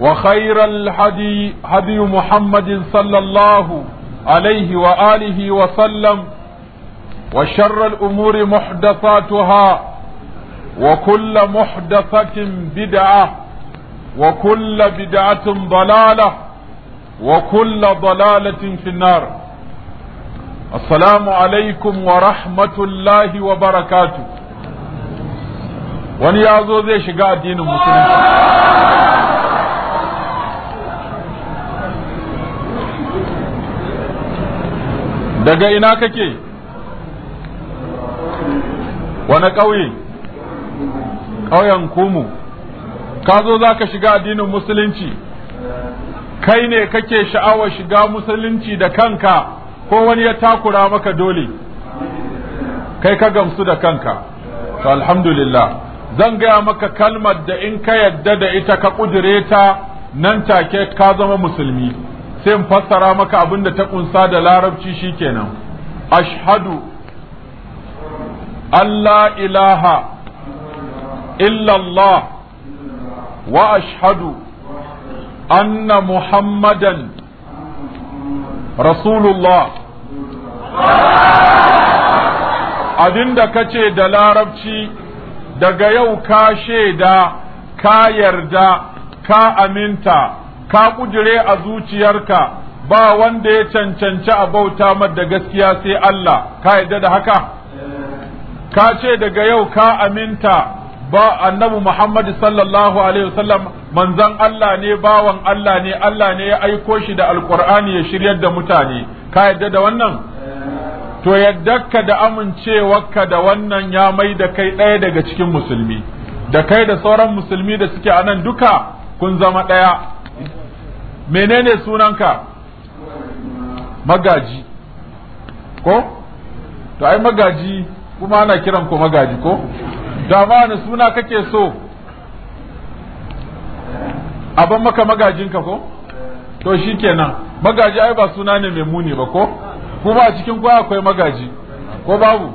وخير الهدي هدي محمد صلى الله عليه وآله وسلم وشر الأمور محدثاتها وكل محدثة بدعة وكل بدعة ضلالة وكل ضلالة في النار السلام عليكم ورحمة الله وبركاته وني أعوذ ذي شقاء دين المسلمين daga ina kake wani ƙauye ƙauyen kumu ka zo za ka shiga addinin musulunci kai ne kake sha'awar shiga musulunci da kanka ko wani ya takura maka dole kai ka gamsu da kanka to alhamdulillah zan gaya maka kalmar da in ka yadda da ita ka ƙudure ta nan take ka zama musulmi sai fassara maka abin da ta kunsa da larabci shikenan ashhadu Allah ilaha illallah wa ashhadu anna muhammadan rasulullah abinda kace da larabci daga yau ka shaida ka yarda ka aminta ka kudure a zuciyarka ba wanda ya cancanci a bauta da gaskiya sai Allah ka yadda da haka ka ce daga yau ka aminta ba annabi Muhammad sallallahu alaihi wasallam manzon Allah ne bawan Allah ne Allah ne ya aiko shi da alkur'ani ya shiryar da mutane ka yadda da wannan to ka da amincewarka da wannan ya mai da kai ɗaya daga cikin musulmi da kai da sauran musulmi da suke a nan duka kun zama ɗaya menene sunanka magaji ko to ai magaji kuma ana kiran ko magaji ko da ma suna kake so abin maka magajinka ko to shikenan magaji ai ba suna ne mai muni ba ko kuma a cikin kwa akwai magaji ko babu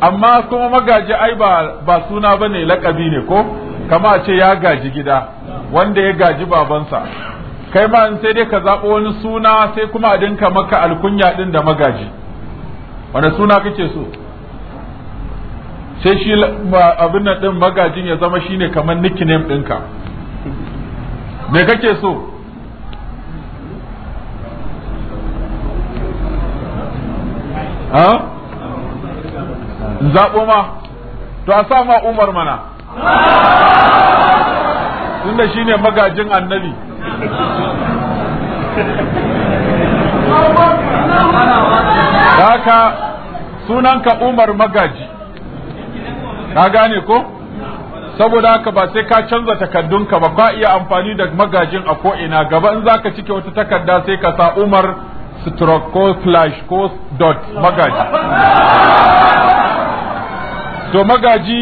amma kuma magaji ai ba ba suna bane lakabi ne ko kama a ce ya gaji gida wanda ya gaji babansa kai ma sai dai ka zaɓo wani suna sai kuma a dinka maka alkunya ɗin da magaji wani suna kake so sai shi abin nan ɗin magajin ya zama shine kamar nickname ɗinka me kake so ha zaɓo ma to a sa ma umar mana tunda ne magajin annabi haka sunanka umar magaji ka gane ko saboda haka ba sai ka canza takaddunka ba ba iya amfani da magajin a ko'ina gaba in zaka cike wata takarda sai ka sa umar stroke ko slash ko dot magaji to magaji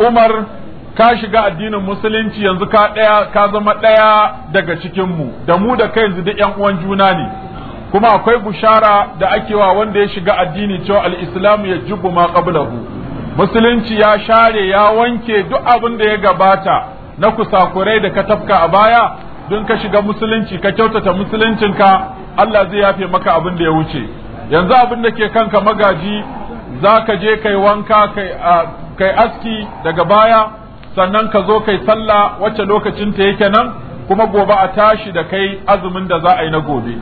umar ka shiga addinin musulunci yanzu ka ɗaya ka zama ɗaya daga cikin mu da mu da kai yanzu duk ƴan uwan juna ne kuma akwai bushara da ake wa wanda ya shiga addini cewa al-islam ya jubu ma qablahu musulunci ya share ya wanke duk abin da ya gabata na kusakurai da ka tafka a baya don ka shiga musulunci ka kyautata musuluncinka Allah zai yafe maka abin da ya wuce yanzu abin da ke kanka magaji za ka je kai wanka kai aski daga baya sannan ka zo kai sallah wacce lokacin ta yake nan kuma gobe a tashi da kai azumin da za a yi na gobe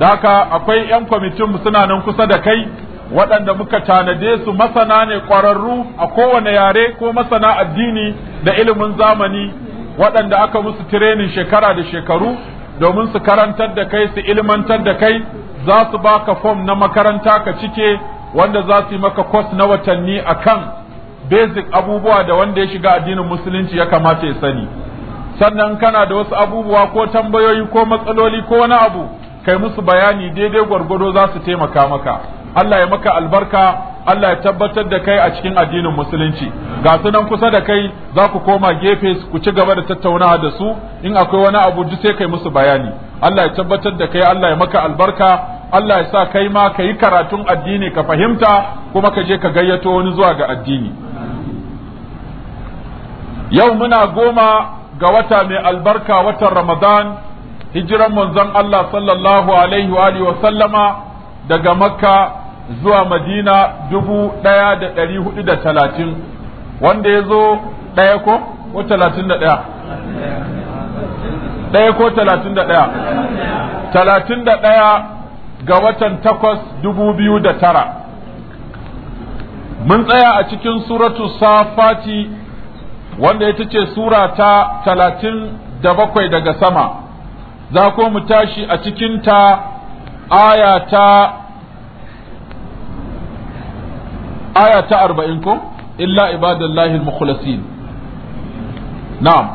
da haka akwai 'yan kwamitin suna nan kusa da kai waɗanda muka tanade su masana ne ƙwararru a kowane yare ko masana addini da ilimin zamani waɗanda aka musu tirenin shekara da shekaru domin su karantar da kai su ilmantar da kai za su baka fom na makaranta ka cike wanda za su yi maka kwas na watanni akan. basic abubuwa da wanda ya shiga addinin musulunci ya kamata ya sani sannan kana da wasu abubuwa ko tambayoyi ko matsaloli ko wani abu kai musu bayani daidai gwargwado za su taimaka maka Allah ya maka albarka Allah ya tabbatar da kai a cikin addinin musulunci ga su nan kusa da kai za ku koma gefe ku ci gaba da tattaunawa da su in akwai wani abu duk sai kai musu bayani Allah ya tabbatar da kai Allah ya maka albarka Allah ya sa kai ma ka yi karatun addini ka fahimta kuma ka je ka gayyato wani zuwa ga addini yau muna goma ga wata mai albarka watan ramadan hijiran manzon Allah sallallahu alaihi wa alihi wa sallama daga makka zuwa madina dubu ɗaya da ɗari hudu da talatin wanda ya zo ɗaya ko ko talatin da ɗaya ɗaya ko talatin da ɗaya talatin da ɗaya ga watan takwas dubu biyu da tara mun tsaya a cikin suratu safati wanda ita ce sura ta talatin da bakwai daga sama za ko mu tashi a cikinta aya ta aya ta arba'in ko illa ibadallahi al-mukhlasin na'am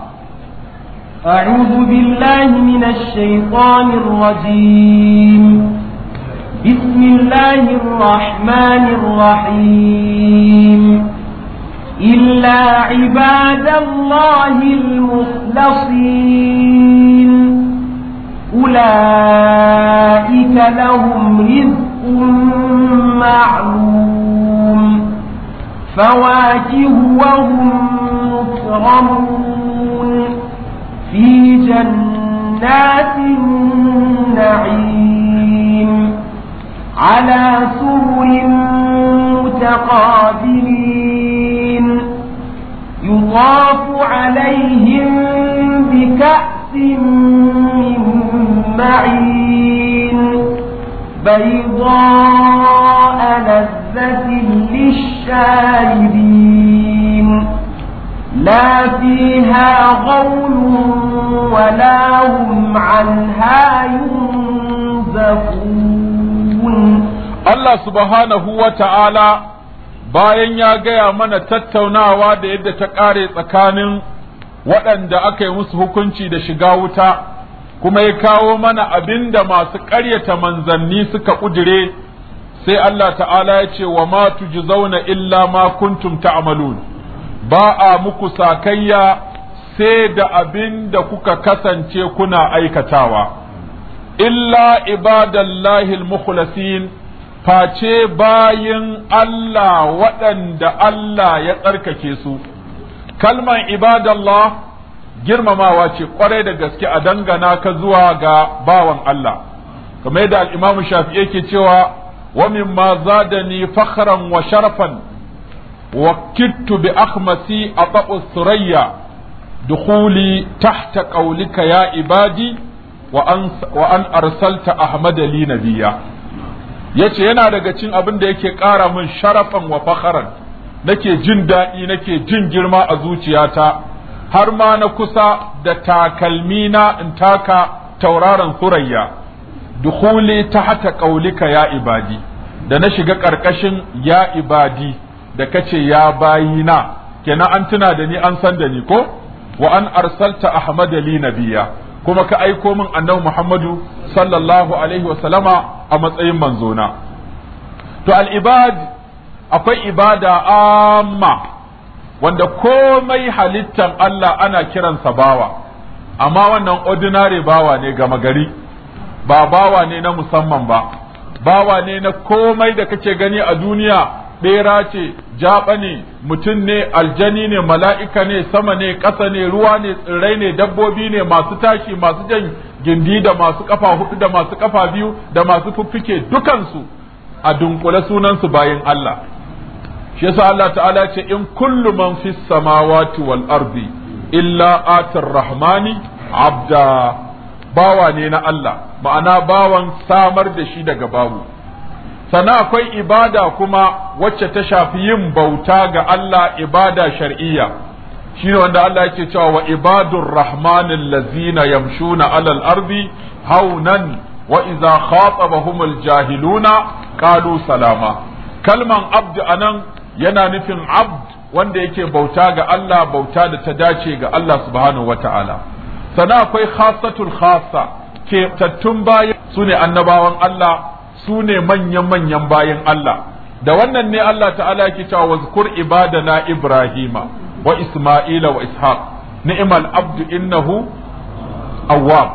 أعوذ بالله من الشيطان الرجيم بسم الله الرحمن الرحيم إلا عباد الله المخلصين أولئك لهم رزق معلوم فواكه وهم مكرمون في جنات النعيم على سرر متقابلين يضاف عليهم بكأس من معين بيضاء لذة للشاربين لا فيها غول ولا هم عنها ينزفون الله سبحانه وتعالى bayan ya gaya mana tattaunawa da yadda ta ƙare tsakanin waɗanda aka yi musu hukunci da shiga wuta kuma ya kawo mana abin da masu ƙaryata manzanni suka ƙudire sai Allah ta'ala ya ce wa ma zauna illa ma kuntum ta'malun ba a muku sakayya sai da abin da kuka kasance kuna aikatawa illa ibadallahi al face bayin Allah waɗanda Allah ya tsarkake su kalman ibadallah girmamawa ce ƙwarai da gaske a dangana ka zuwa ga bawan Allah kamar yadda al'imamu shafi yake cewa wa da zadani fakran wa sharafan wa kittu bi akhmasi ata'u surayya dukhuli tahta ƙaulika ya ibadi wa an arsalta ahmada biya yace yana daga cin abin da yake ƙara min sharafan wa fakharan nake jin daɗi nake jin girma a zuciyata har ma na kusa da takalmi na in taka tauraron surayya dukhuli tahta qaulika ya ibadi da na shiga ƙarƙashin ya ibadi da kace ya bayina kenan an tuna da ni an san da ni ko wa an arsalta ahmad li nabiya kuma ka aiko min annabi Muhammadu sallallahu alaihi wa sallama a matsayin manzona to al-ibad akwai ibada amma wanda komai halittan Allah ana kiransa bawa amma wannan ordinary bawa ne gama gari ba bawa ne na musamman ba bawa ne na komai da kake gani a duniya bera ce jaɓa ne mutum ne aljani ne mala'ika ne sama ne ƙasa ne ruwa ne tsirrai ne dabbobi ne masu tashi masu jan gindi da masu ƙafa hudu da masu ƙafa biyu da masu fuffuke dukansu a dunkule sunansu bayan Allah shi yasa Allah ta'ala ce in kullu man fis samawati wal ardi illa atir rahmani abda bawa ne na Allah ma'ana bawan samar da shi daga babu sannan akwai ibada kuma wacce ta shafi yin bauta ga Allah ibada shar'iyya shine wanda Allah yake cewa wa ibadur rahmanin lazina yamshuna alal ardi haunan wa idza khatabahumul jahiluna qalu salama kalman abd anan yana nufin abd wanda yake bauta ga Allah bauta da ta dace ga Allah subhanahu wataala sannan akwai khasatul khassa ke tattun baya. sune annabawan Allah su ne manyan-manyan bayan Allah da wannan ne Allah ta'ala yake cewa wazkur ibadana ibrahima wa isma'ila wa ishaq ni'mal abdu innahu awwab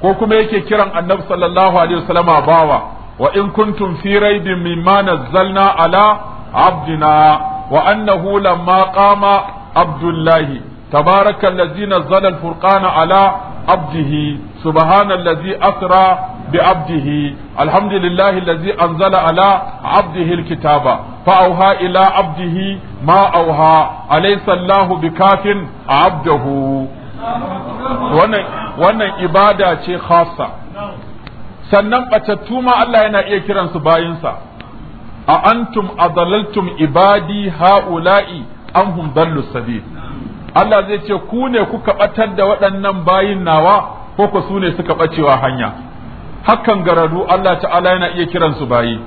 ko kuma yake kiran annabi sallallahu alaihi wasallama bawa wa in kuntum fi raibin mimma nazzalna ala abdina wa annahu lamma qama abdullahi تبارك الذي نزل الفرقان على عبده سبحان الذي أسرى بعبده الحمد لله الذي أنزل على عبده الكتاب فأوها إلى عبده ما أوها أليس الله بكاف عبده wannan ibada ce khasa sannan ɓatattu ma Allah yana iya kiransu bayinsa a antum adalaltum ibadi ha'ula'i an hum dallu sabil Allah zai ce ku ne kuka batar da waɗannan bayin nawa ko ku su ne suka bacewa hanya hakan garadu Allah ta'ala yana iya kiransu bayi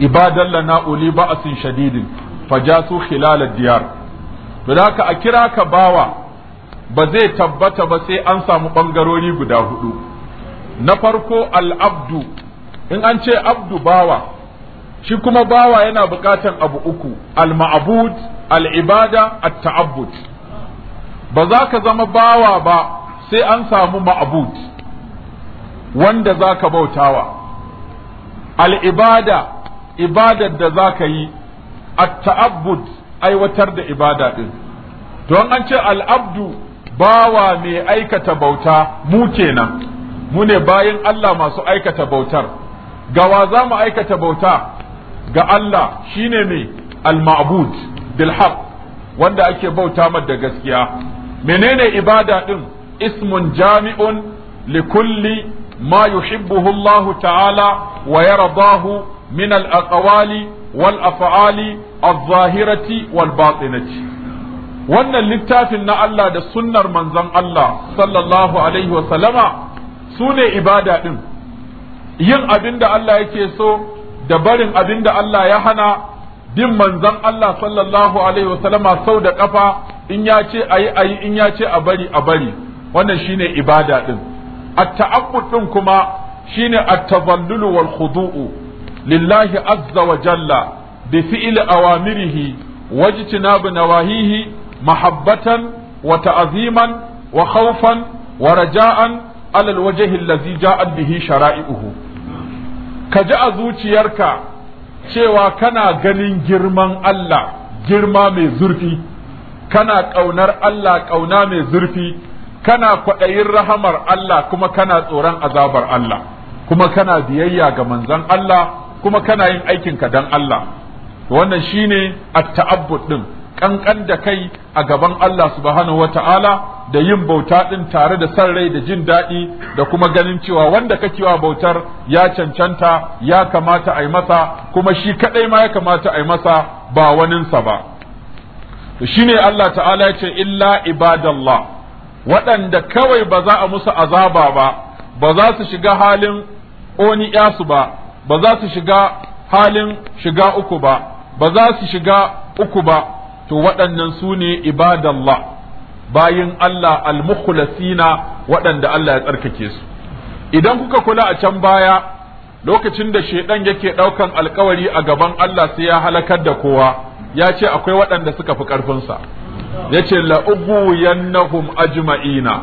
ibadan na uli ba'asin shadidin fajasu khilal diyar to da a kira ka bawa ba zai tabbata ba sai an samu bangarori guda hudu na farko al'abdu in an ce abdu bawa shi kuma bawa yana bukatan abu uku al-ma'bud al'ibada a ba za ka zama bawa ba sai an samu ma'abud wanda za ka bautawa al'ibada ibadar da za ka yi a aiwatar da ibada ɗin don an ce al'abdu bawa mai aikata bauta mu kenan mu ne bayan Allah masu aikata bautar gawa za mu aikata bauta ga Allah shine mai al-ma'bud bilhaq wanda ake bauta mata da gaskiya menene ibada din ismun jami'un li kulli ma yuhibbuhu Allah ta'ala wa yardahu min al aqwali wal af'ali adh-dhahirati wal batinati wannan littafin na Allah da sunnar manzon Allah sallallahu alaihi wa sallama sune ibada din yin abin da Allah yake so da barin abin da Allah ya hana bin manzon Allah sallallahu alaihi wasallama sau da ƙafa in ya ce ayi ayi in ya ce a bari a bari wannan shine ibada din at-ta'abbud din kuma shine at-tadallul wal khudu'u lillahi azza wa jalla bi fi'li awamirihi wajtinabu nawahihi mahabbatan wa ta'aziman wa khawfan wa raja'an alal al-wajhi allazi bihi shara'i'uhu ka ji a zuciyarka cewa kana ganin girman Allah girma mai zurfi kana ƙaunar Allah ƙauna mai zurfi kana kwaɗayin rahamar Allah kuma kana tsoron azabar Allah kuma kana biyayya ga manzon Allah kuma kana yin aikinka don Allah wannan shine at-ta'abbud din kankan da kai a gaban Allah subhanahu ta'ala da yin bauta din tare da san rai da jin daɗi da kuma ganin cewa wanda kake wa bautar ya cancanta ya kamata a yi masa kuma shi kaɗai ma ya kamata a yi masa ba waninsa ba shine Allah ta'ala ya ce illa ibadallah waɗanda kawai ba za a musu azaba ba ba za su shiga halin oni yasu ba ba za su shiga halin shiga uku ba ba za su shiga uku ba to waɗannan su ne ibadallah bayin Allah al-mukhlasina waɗanda Allah ya tsarkake su idan kuka kula a can baya lokacin da shedan yake ɗaukan alkawari a gaban Allah sai ya halakar da kowa ya ce akwai waɗanda suka fi ƙarfinsa ya ce la'ubuyannahum ajma'ina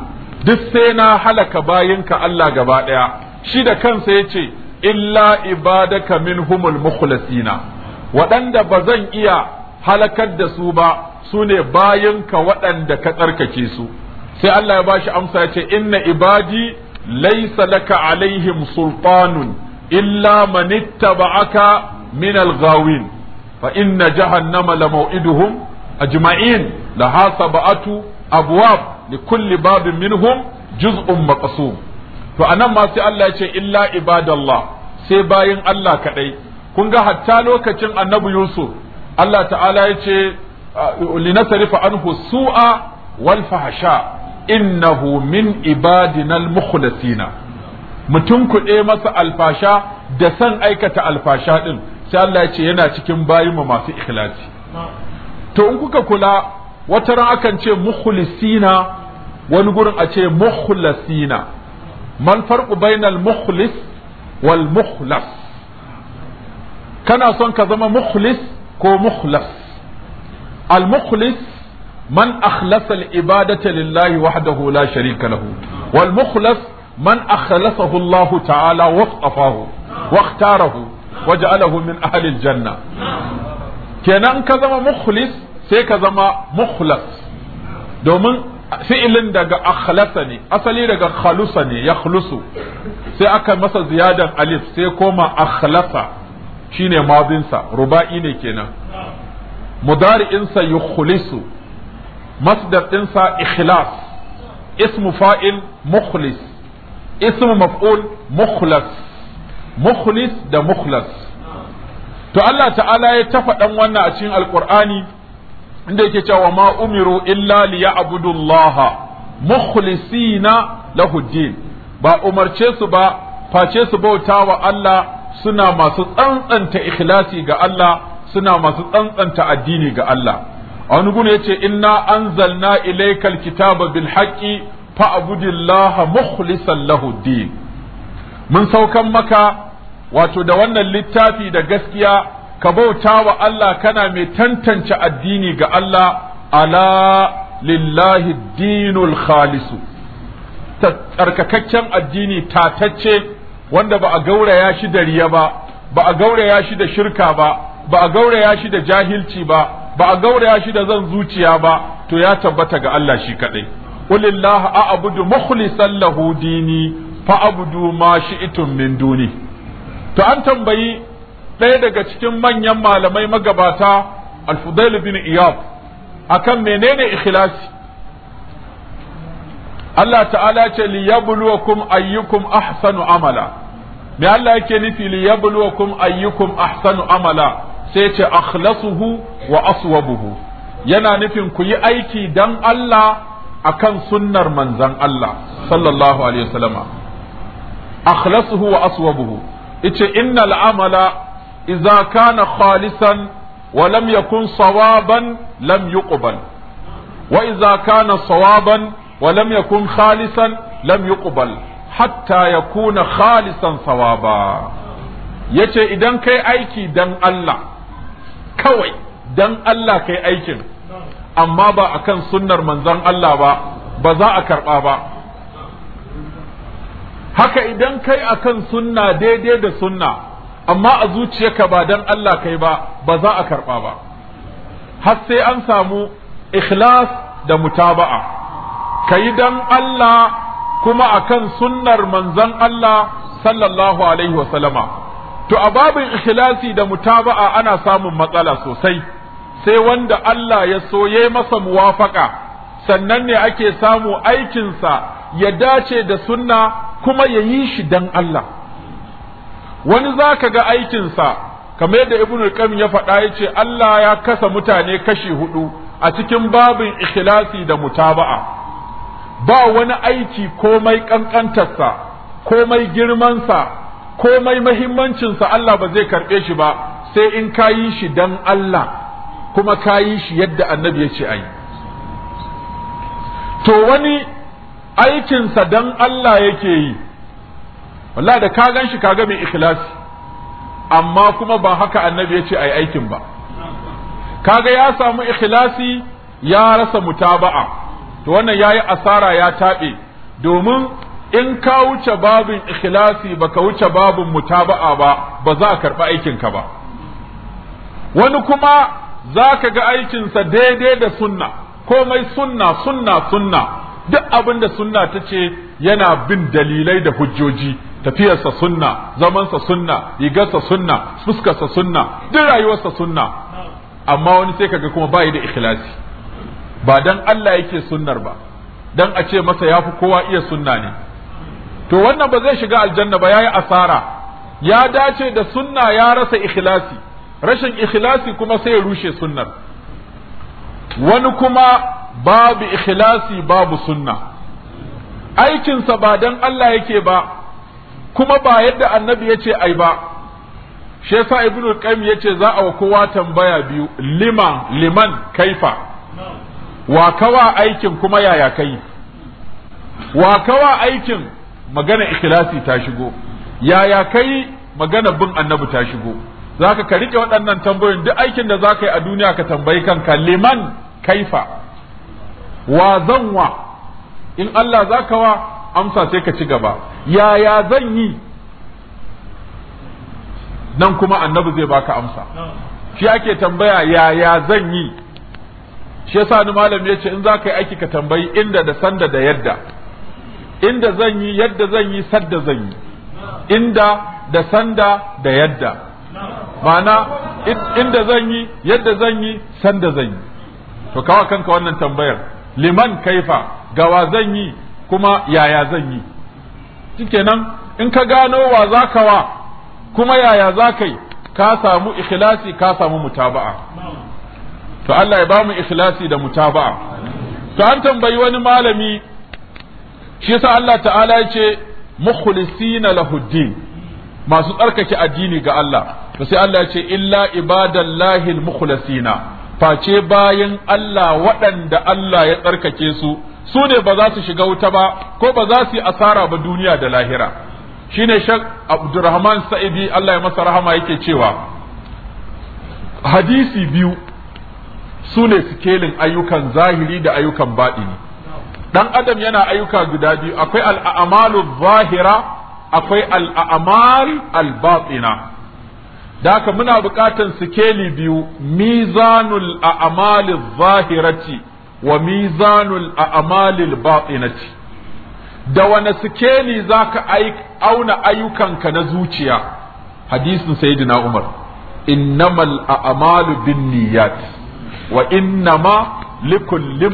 duk sai na halaka bayinka Allah gaba ɗaya shi da kansa ya ce illa ibadaka minhumul mukhlasina waɗanda ba zan iya halakar da su ba su ne ka waɗanda ka tsarkake su sai Allah ya bashi amsa ya ce inna ibadi laisa laka alaihim sultanun illa man ittaba'aka min al-ghawin fa inna jahannama la maw'iduhum ajma'in laha sab'atu abwab li kulli babin minhum juz'un maqsum to anan ma sai Allah ya ce illa ibadallah sai bayin Allah kadai kun ga hatta lokacin annabi Yusuf Allah ta'ala ya ce ah, linasarifa anhu su'a wal fahsha innahu min ibadina al mutum kuɗe masa alfasha da san aikata alfasha din sai Allah ya ce yana cikin bayin mu masu ikhlasi to in kuka kula wata ran akan ce mukhlisina wani gurin a ce mukhlasina mal farqu bainal mukhlis wal mukhlas kana son ka zama mukhlis ko mukhlas al mukhlis man akhlasa al ibadata lillahi wahdahu la sharika lahu wal mukhlas man akhlasahu Allah ta'ala waqafahu واختاره وجعله من أهل janna. kenan ka zama mukhlis sai ka zama mukhlas domin fi'ilin daga akhlasa ne asali daga khalusa ne ya sai aka masa ziyadan alif sai koma akhlasa shine madinsa ruba'i ne kenan mudari'insa yukhlisu masdar ɗinsa ikhlas ismu fa'il mukhlis ismu maf'ul mukhlas mukhlis da mukhlas to Allah ta'ala ya tafa dan wannan a cikin alqur'ani inda yake cewa ma umiru illa liya'budullaha mukhlisina lahu din ba umarce su ba face su bauta wa Allah suna masu tsantsanta ikhlasi ga Allah suna masu tsantsanta addini ga Allah a wani gune yace inna anzalna ilaykal kitaba bil haqqi fa'budillaha mukhlishan lahu din mun saukan maka wato da wannan littafi da gaskiya ka bauta wa Allah kana mai tantance addini ga Allah ala lillahi dinul khalisu tsarkakakken addini tatacce wanda ba a gauraya shi da riya ba ba a gauraya shi da shirka ba ba a gauraya shi da jahilci ba ba a gauraya shi da zan zuciya ba to ya tabbata ga Allah shi kadai qulillahi a'budu mukhlishan lahu dini fa'budu ma shi'tum min duni to an tambayi ɗaya daga cikin manyan malamai magabata al-fudail bin iyad akan menene ikhlasi Allah ta'ala ce liyabluwakum ayyukum ahsanu amala me Allah yake nufi li yabluwakum ayyukum ahsanu amala sai ce akhlasuhu wa aswabuhu yana nufin ku yi aiki dan Allah akan sunnar manzan Allah sallallahu alaihi wasallama akhlasuhu wa aswabuhu ice innal amala idza kana khalisan wa lam yakun sawaban lam yuqbal wa idza kana sawaban wa lam yakun khalisan lam yuqbal hatta ya kuna khalisan sawaba ya ce idan kai aiki dan Allah kawai dan Allah kai aikin amma ba akan sunnar manzon Allah ba ba za a karɓa ba haka idan kai akan sunna daidai da sunna amma a zuciyarka ba dan Allah kai ba ba za a karɓa ba har sai an samu ikhlas da mutaba'a kai dan Allah kuma akan sunnar manzon Allah sallallahu alaihi wa sallama to a babin ikhlasi da mutaba'a ana samun matsala sosai sai wanda Allah ya soye masa muwafaka sannan ne ake samu aikinsa ya dace da sunna kuma ya yi shi dan Allah wani za ka ga aikinsa kamar yadda ibn al ya faɗa yace Allah ya kasa mutane kashi hudu a cikin babin ikhlasi da mutaba'a ba wani aiki komai ƙanƙantarsa komai girmansa komai mahimmancinsa Allah ba zai karɓe shi ba sai in ka yi shi dan Allah kuma ka yi shi yadda annabi ya ce ai to wani aikinsa dan Allah yake yi wallah da ka gan shi ka ga mai ikhlasi amma kuma ba haka annabi ya ce ai aikin ba kaga ya samu ikhlasi ya rasa mutaba'a to wannan ya yi asara ya taɓe domin in ka wuce babin ikhlasi ka wuce babin mutaba'a ba ba za a karɓi aikinka ba wani kuma za ka ga aikinsa daidai da sunna komai sunna sunna sunna duk abin da sunna ta ce yana bin dalilai da hujjoji tafiyarsa sunna zamansa sunna rigarsa sunna fuskarsa sunna duk rayuwarsa sunna amma wani sai kaga kuma bai da ikhlasi ba dan Allah yake sunnar ba dan a ce masa ya fi kowa iya sunna ne to wannan ba zai shiga aljanna ba yayi asara ya dace da sunna ya rasa ikhlasi rashin ikhlasi kuma sai rushe sunnar wani kuma babu ikhlasi babu sunna aikinsa ba dan Allah yake ba kuma ba yadda annabi ya ce ai ba shi yasa ibnu qayyim yace za a wa kowa tambaya biyu lima liman kaifa wa kawa aikin kuma yaya kai wa kawa aikin magana ikhlasi ta shigo yaya kai magana bin annabi ta shigo zaka ka rike waɗannan tambayoyin duk aikin da zaka yi a duniya ka tambayi kan liman kaifa wa zanwa in Allah zaka wa amsa sai ka ci gaba yaya zan yi nan kuma annabi zai baka amsa shi ake tambaya yaya zan yi shi yasa ni malam ya ce in za ka yi aiki ka tambayi inda da sanda da yadda inda zan yi yadda zan yi sadda zan yi inda da sanda da yadda ma'ana inda zan yi yadda zan yi sanda zan yi to kawa kanka wannan tambayar liman kaifa gawa zan yi kuma yaya zan yi shikenan in ka gano wa za ka wa kuma yaya za ka yi ka samu ikhlasi ka samu mutaba'a to Allah ya ba mu ikhlasi da mutaba'a to an tambayi wani malami shi yasa Allah ta'ala ya ce mukhlisina lahuddin masu tsarkake addini ga Allah to sai Allah ya ce illa ibadallahi almukhlasina face bayan Allah waɗanda Allah ya tsarkake su su ne ba za su shiga wuta ba ko ba za su yi asara ba duniya da lahira shine shak Abdurrahman Sa'idi Allah ya masa rahama yake cewa hadisi biyu su ne sikelin ayyukan zahiri da ayyukan baɗini ɗan adam yana ayyuka guda biyu akwai al'amalu zahira akwai al'amal al da haka muna buƙatan sikeli biyu mizanul a'amali zahirati wa mizanul a'amali batinati da wane sikeli ka auna ayyukanka na zuciya hadisin sayyidina umar innamal a'malu niyyati wa innama likulli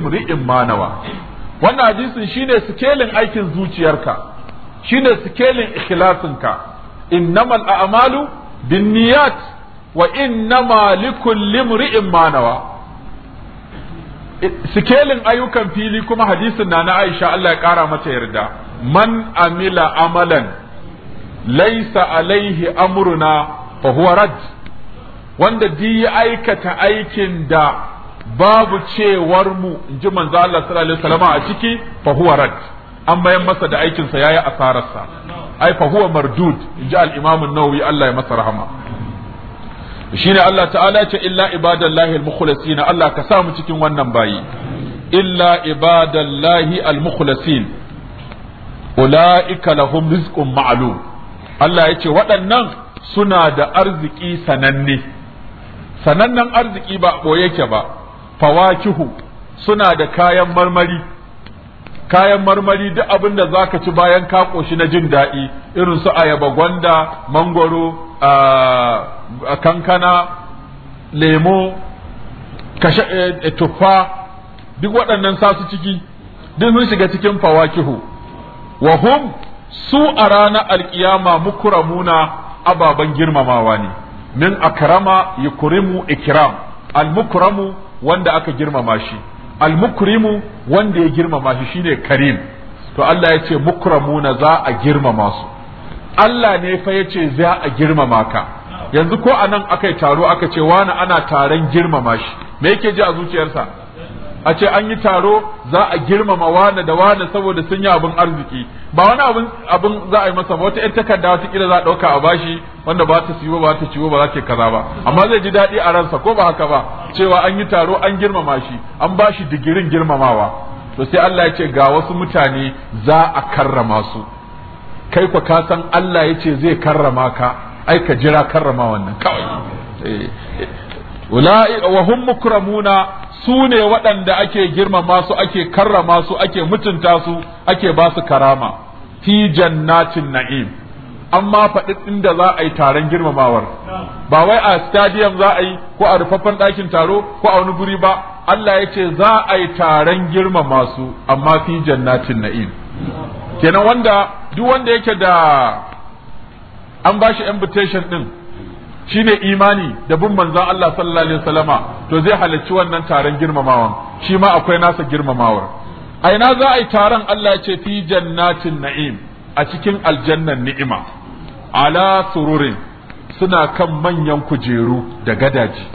wannan hadisin shine sikelin aikin zuciyarka shine sikelin ikhlasinka innamal a'malu binniyat wa innama likulli imri'in ma sikelin ayyukan fili kuma hadisin na na Aisha Allah ya kara mata yarda man amila amalan laysa alaihi amruna fa huwa rajj wanda di ya aikata aikin da babu cewar mu in ji manzo Allah sallallahu alaihi wasallam a ciki fa huwa rad an bayan masa da aikin sa yayi asararsa ai fa huwa mardud in ji al-Imam an-Nawawi Allah ya masa rahama shine Allah ta'ala ce illa ibadallahi al-mukhlasina Allah ka samu cikin wannan bayi illa ibadallahi al-mukhlasin ula'ika lahum rizqun ma'lum Allah ya ce waɗannan suna da arziki sananne sanannen arziki ba ɓoye yake ba fawakihu suna da kayan marmari kayan marmari duk abin da za ka ci bayan ka koshi na jin daɗi irin su ayaba gwanda mangoro kankana lemo eh, eh, tuffa duk waɗannan sasu ciki duk sun shiga cikin fawakihu wa hum su a ranar alkiyama mukuramuna ababen girmamawa ne min akrama yukrimu ikram almukramu wanda aka girmama shi almukrimu wanda ya girmama shi shine karim to Allah ya ce mukramuna za a girmama su Allah ne fa ya ce za a girmama ka yanzu ko anan aka yi taro aka ce wani ana taron girmama shi me yake ji a zuciyarsa a ce an yi taro za a girmama wane da wane saboda sun yi abin arziki ba wani abin abin za a yi masa wata yar takarda wata kila za a dauka a bashi wanda ba ta siyo ba ta ciwo ba za ta kaza ba amma zai ji daɗi a ransa ko ba haka ba cewa an yi taro an girmama shi an bashi digirin girmamawa to sai Allah ya ce ga wasu mutane za a karrama su kai ku ka san Allah ya ce zai karrama ka ai ka jira karrama wannan kawai eh, eh. ula'ika wa hum mukramuna su ne waɗanda ake girmama su ake karrama su ake mutunta su ake ba su karama fi jannatin na'im amma faɗi inda za a yi taron girmamawar ba wai a stadium za a yi ko a rufaffan ɗakin taro ko a wani guri ba Allah ya ce za a yi taron girmama amma fi jannatin na'im kenan wanda duk wanda yake da an ba shi invitation ɗin shine imani da bin manzon Allah sallallahu alaihi wasallama to zai halarci wannan taron girmamawan shi ma akwai nasa girmamawar a ina za a yi taron Allah ya ce fi jannatin na'im a cikin aljannan ni'ima ala sururin suna kan manyan kujeru da gadaji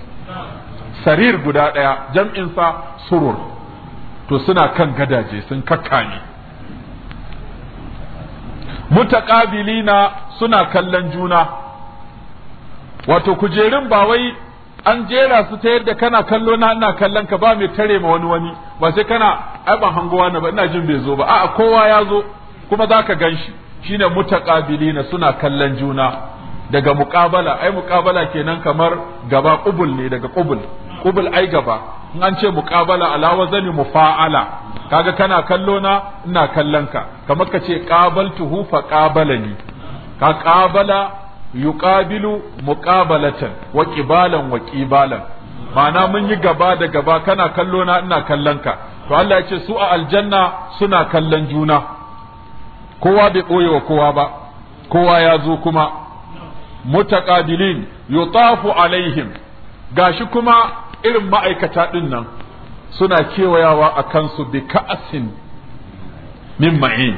sarir guda ɗaya jam'insa surur to suna kan gadaje sun kakkane mutaƙabilina suna kallon juna wato kujerun ba wai an jera su ta yadda kana kallo na ina kallon ka ba mai tare ma wani wani ba sai kana ai ban hangowa na ba ina jin bai zo ba a'a kowa ya zo kuma za ka zaka ganshi shine mutaqabilina suna kallon juna daga muqabala ai muqabala kenan kamar gaba qubul ne daga qubul qubul ai gaba in an ce muqabala ala wazani mufa'ala kaga kana kallo na ina kallon ka kamar ka ce qabaltuhu fa qabalani ka qabala yuqabilu muqabalatan wa qibalan wa qibalan ma'ana mun yi gaba da gaba kana kallo na ina kallon ka to Allah ya ce su a aljanna suna kallon juna kowa bai ɓoye wa kowa ba kowa ya zo kuma mutaqabilin yutafu alaihim gashi kuma irin ma'aikata ɗinnan nan suna kewayawa a kansu bi ka'asin min ma'in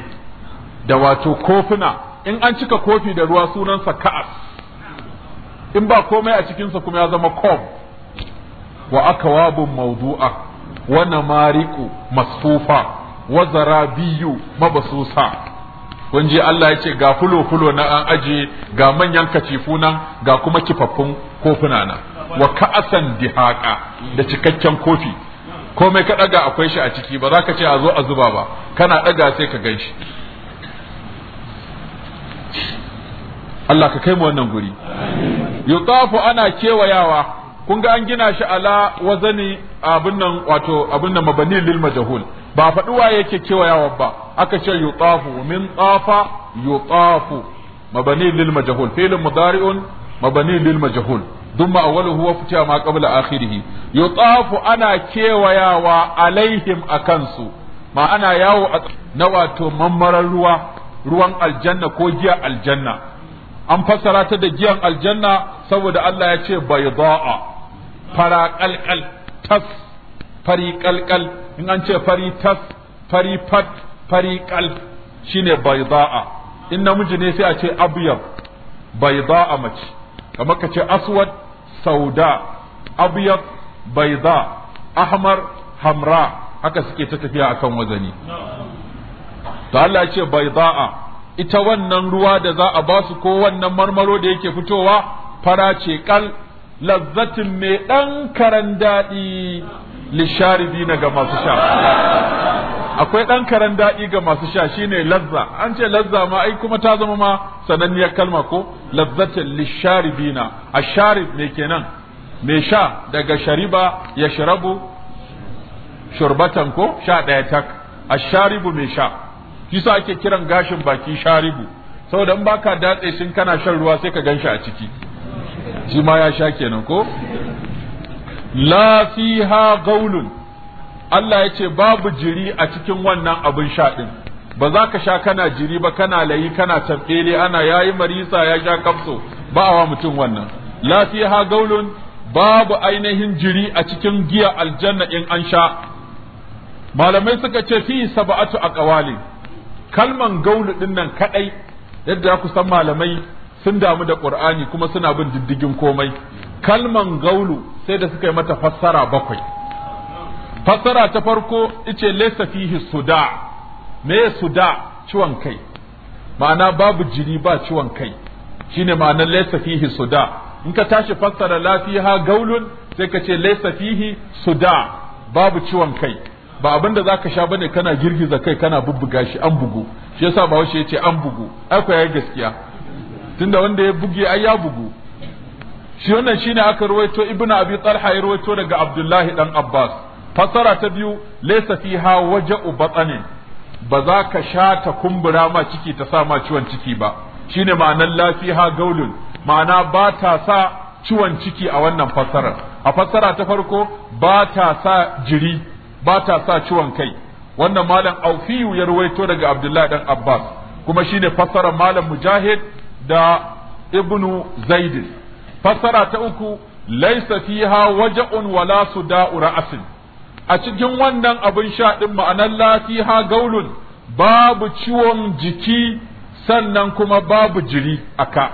da wato kofuna in an cika kofi da ruwa sunansa ka'as in ba komai a cikinsa kuma ya zama kob wa akwabun maudu'a, wa namariqu masfufa wa zarabiyu mabasusa kun ji Allah ya ce ga fulo fulo na an aje ga manyan kacifu nan ga kuma kifaffun kofuna na. wa ka'asan dihaqa da cikakken kofi komai ka daga akwai shi a ciki ba za ka ce a zo a zuba ba kana daga sai ka gan shi Allah ka kai mu wannan guri yutafu ana kewayawa kun ga an gina shi ala wazani abin nan wato abin nan mabani lil majhul ba faɗi waye yake kewayawa ba aka ce yutafu min tafa yutafu mabani lil majhul fi'l mudari'un mabani lil majhul ثم أوله وفتح ما قبل آخره يطاف أنا كيويا وعليهم أكنسو ما أنا ياو نواتو ممر الروا ruwan aljanna ko giya aljanna an fassara ta da giyan aljanna saboda Allah ya ce bai za'a fara kalkal tas fari kalkal in an ce fari tas fari fat fari kal shine bai za'a in namiji ne sai a ce abiyar bai za'a mace kamar ka ce aswad sauda abiyar bai za ahmar hamra haka suke ta tafiya akan wazani to Allah ya ce bai za'a ita wannan ruwa da za a ba su ko wannan marmaro da yake fitowa fara ce kal lazzatin mai ɗan karan daɗi lisharibi na ga masu sha akwai ɗan karan daɗi ga masu sha shine lazza an ce lazza ma ai kuma ta zama ma sananniyar kalma ko lazzatin na a sharib ne kenan mai sha daga shariba ya shurbatan ko sha ɗaya tak a sharibu mai sha yasa ake kiran gashin baki sharibu saboda in baka datse shin kana shan ruwa sai ka ganshi a ciki shi ma ya sha kenan ko la fiha gaulun Allah ya ce babu jiri a cikin wannan abin sha din ba za ka sha kana jiri ba kana layi kana tafkele ana yayi marisa ya sha kafso ba wa mutum wannan la fiha gaulun babu ainihin jiri a cikin giya aljanna in an sha malamai suka ce fi sab'atu aqwalin kalman gaulu din nan kadai yadda ya san malamai sun damu da qur'ani kuma suna bin diddigin komai kalman gaulu sai da suka yi mata fassara bakwai fassara ta farko ice laysa fihi suda me suda ciwon kai ma'ana babu jiri ba ciwon kai shine ma'ana laysa fihi suda in ka tashi fassara lafiya gaulun sai ka ce laysa fihi suda babu ciwon kai ba abin da ka sha bane kana girgiza kai kana bubbuga shi an bugu shi yasa ba ya ce an bugu akwai ya gaskiya tunda wanda ya buge ai ya bugu shi wannan shine aka ruwaito ibnu abi talha ya ruwaito daga abdullahi dan abbas fasara ta biyu laysa fiha waja'u batanin ba za ka sha ta kumbura ma ciki ta sa ma ciwon ciki ba shine ma'anar lafiha gaulun ma'ana ba ta sa ciwon ciki a wannan fassarar a fasara ta farko ba ta sa jiri ba ta sa ciwon kai wannan malam aufiyu ya ruwaito daga abdullahi dan abbas kuma shine fassara malam mujahid da ibnu zaid fassara ta uku laysa fiha waja'un wala suda'u ra'sin a cikin wannan abin sha din ma'anar la gaulun babu ciwon jiki sannan kuma babu jiri aka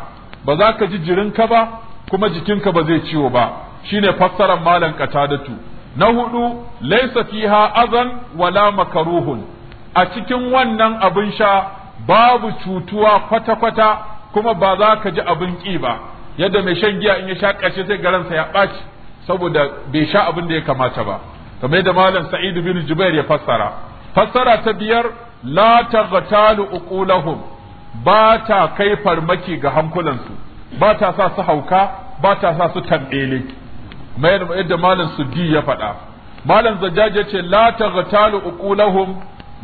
ba za ka ji jirinka ba kuma jikinka ba zai ciwo ba shine fassarar malam qatadatu na hudu laisa fiha azan wala makaruhun a cikin wannan abin sha babu cutuwa kwata-kwata kuma ba za ka ji abin ƙi ba yadda mai shan giya in ya sha ƙarshe sai garansa ya ɓaci saboda bai sha abin da ya kamata ba kamar da malam sa'id bin jubair ya fassara fassara ta biyar la taghtalu uqulahum ba ta kai farmaki ga hankulansu ba ta sa su hauka ba ta sa su tambele mayar yadda malam suddi ya faɗa malam zajjaj ya ce la taghtalu uqulahum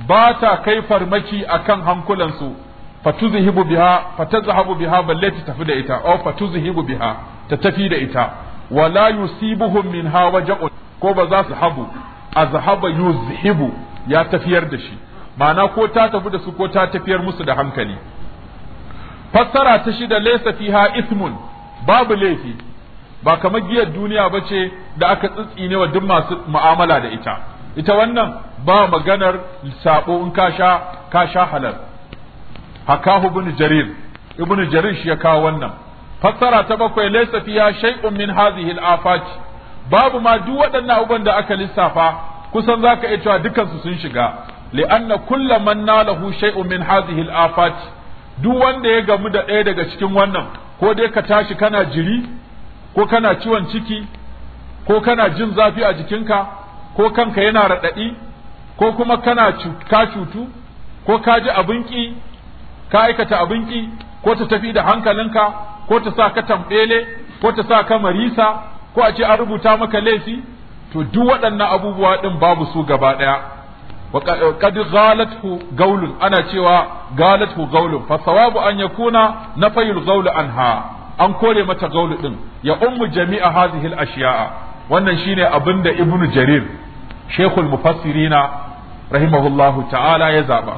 ba ta kai farmaki akan hankulansu fatuzhibu biha fatazhabu biha balle ta tafi da ita aw fatuzhibu biha ta tafi da ita wala yusibuhum minha waja'un ko ba za su habu azhaba yuzhibu ya tafiyar da shi ma'ana ko ta tafi da su ko ta tafiyar musu da hankali fassara ta shida laysa fiha ismun babu laifi ba kamar giyar duniya ba ce da aka tsitsine wa duk masu mu'amala da ita ita wannan ba maganar sabo in ka sha ka sha halal hakahu ibn jarir ibn jarir shi ya kawo wannan fassara ta bakwai laysa fiya shay'un min hadhihi al-afat babu ma duk waɗannan abubuwan da aka lissafa kusan zaka iya cewa dukansu sun shiga li'anna kullu man nalahu shay'un min hadhihi al-afat duk wanda ya gamu da ɗaya daga cikin wannan ko dai ka tashi kana jiri ko kana ciwon ciki ko kana jin zafi a jikinka ko kanka yana raɗaɗi ko kuma kana ka cutu ko ka ji abinki, ka aikata abinki, ko ta tafi da hankalinka ko ta sa ka tambele ko ta sa ka marisa ko a ce an rubuta maka laifi to duk waɗannan abubuwa ɗin babu su gaba ɗaya وقد غالته قول أنا شوى غالته قول فالصواب أن يكون نفي القول عنها an kore mata gauli din ya ummu jami'a hadhihi al-ashiya'a wannan shine abin da ibnu jarir shaykhul mufassirina rahimahullahu ta'ala ya zaba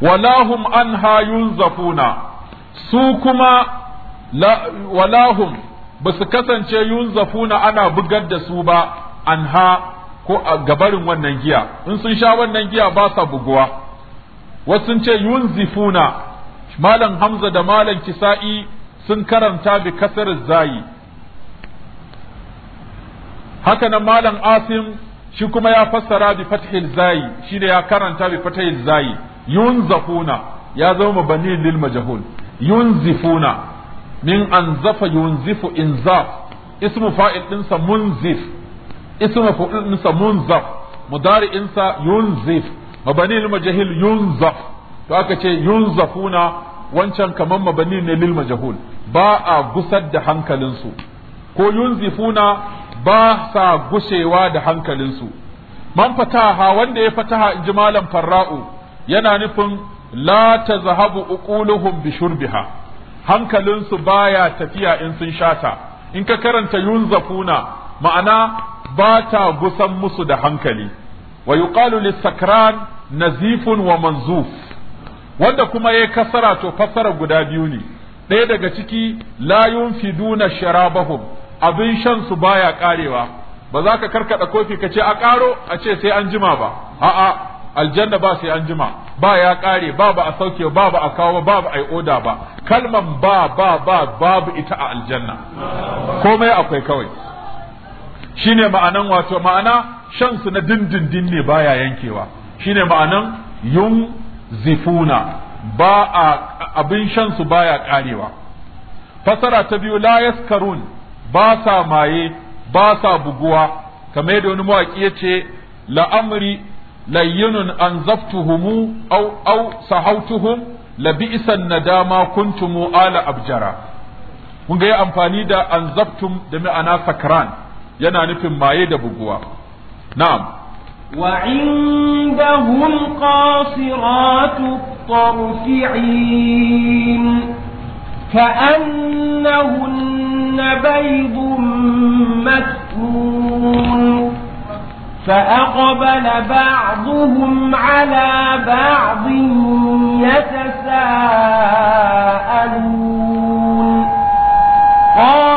walahum anha yunzafuna su kuma walahum ba su kasance yunzafuna ana bugar da su ba anha ko a gabarin wannan giya in sun sha wannan giya ba sa buguwa wasu sun ce yunzifuna malam hamza da malam kisa'i sun karanta bi kasar zayi haka nan malam asim shi kuma ya fassara bi fathil zayi shi ne ya karanta bi fathil zayi yunzafuna ya zama mabani lil majhul yunzifuna min anzafa yunzifu inzaf ismu fa'il dinsa munzif ismu fa'il dinsa munzaf mudari insa yunzif mabani lil majhul yunzaf to aka ce yunzafuna wancan kaman mabani ne lil majhul ba a gusar da hankalinsu ko yunzifuna ba sa gushewa da hankalinsu man fataha wanda ya fataha inji malam farra'u yana nufin la tazhabu uquluhum bi shurbiha hankalinsu baya tafiya in sun shata in ka karanta yunzafuna ma'ana ba ta gusan musu da hankali wa yuqalu lis-sakran nazifun wa manzuf wanda kuma yi kasara to fassara guda biyu ne ɗaya daga ciki la yunfiduna sharabahum abin shan su baya karewa ba za ka karkada kofi ka ce a karo a ce sai an jima ba a'a aljanna ba sai an jima ba ya kare ba ba a sauke ba ba a kawo ba ba a yi oda ba kalman ba ba ba babu ita a aljanna komai akwai kawai shine ma'anan wato ma'ana shan su na dindindin ne baya yankewa shine ma'anan yun zifuna ba a abin shansu baya karewa fasara ta biyu la yaskarun ba sa maye ba sa buguwa kamar yadda wani mawaki ya ce la'amri layyinun an zaftuhumu au au sahautuhum labi'isan nadama kuntumu ala abjara kun ga amfani da an zaftum da ma'ana sakran yana nufin maye da buguwa na'am وعندهم قاصرات الطرف عين كأنهن بيض مكنون فأقبل بعضهم على بعض يتساءلون قال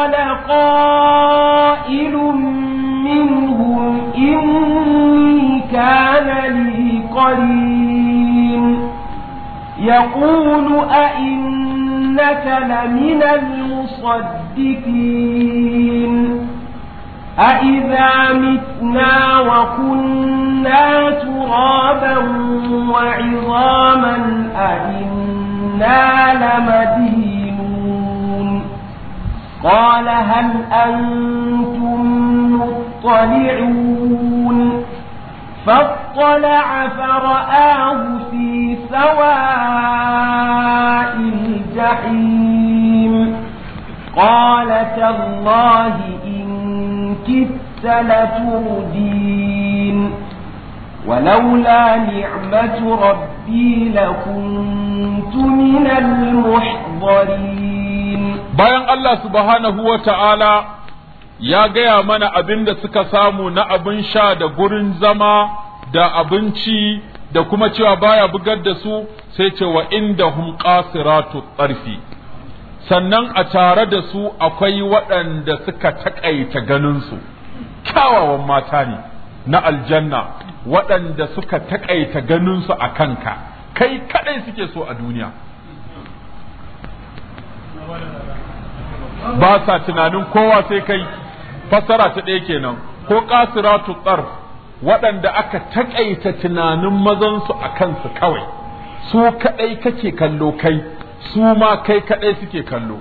يقول أئنك لمن المصدقين أئذا متنا وكنا ترابا وعظاما أئنا لمدينون قال هل أنتم مطلعون فاطلع فرآه في سواء الجحيم قال تالله إن كدت لتردين ولولا نعمة ربي لكنت من المحضرين bayan Allah subhanahu wa ta'ala ya gaya mana abin da suka samu na abin sha da gurin zama da abinci da kuma cewa baya bugar da su sai ce wa hum qasiratu tsarfi sannan a tare da su akwai waɗanda suka taƙaita ganinsu kyawawan mata ne na aljanna waɗanda suka taƙaita ganinsu a kanka kai kaɗai suke so a duniya ba sa tunanin kowa sai kai fasara ta ɗaya kenan ko ƙasiratu tsarf waɗanda aka taƙaita tunanin mazansu a kansu kawai su kaɗai kake kallo kai su ma kai kaɗai suke kallo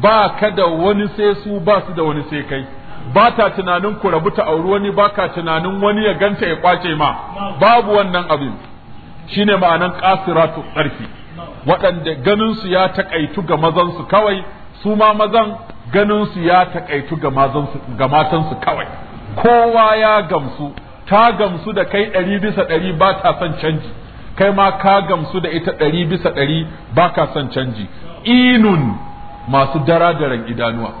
ba ka da wani sai su ba su da wani sai kai ba ta tunanin ku rabu ta auri wani ba ka tunanin wani ya ganta ya kwace ma babu wannan abin shine ma'anan ƙasiratu ƙarfi. waɗanda ganinsu ya taƙaitu ga mazansu kawai su ma mazan ganinsu ya taƙaitu ga matansu kawai kowa ya gamsu ta gamsu da kai ɗari bisa ɗari ba ta son canji kai ma ka gamsu da ita ɗari bisa ɗari ba ka son canji inun masu daradaran idanuwa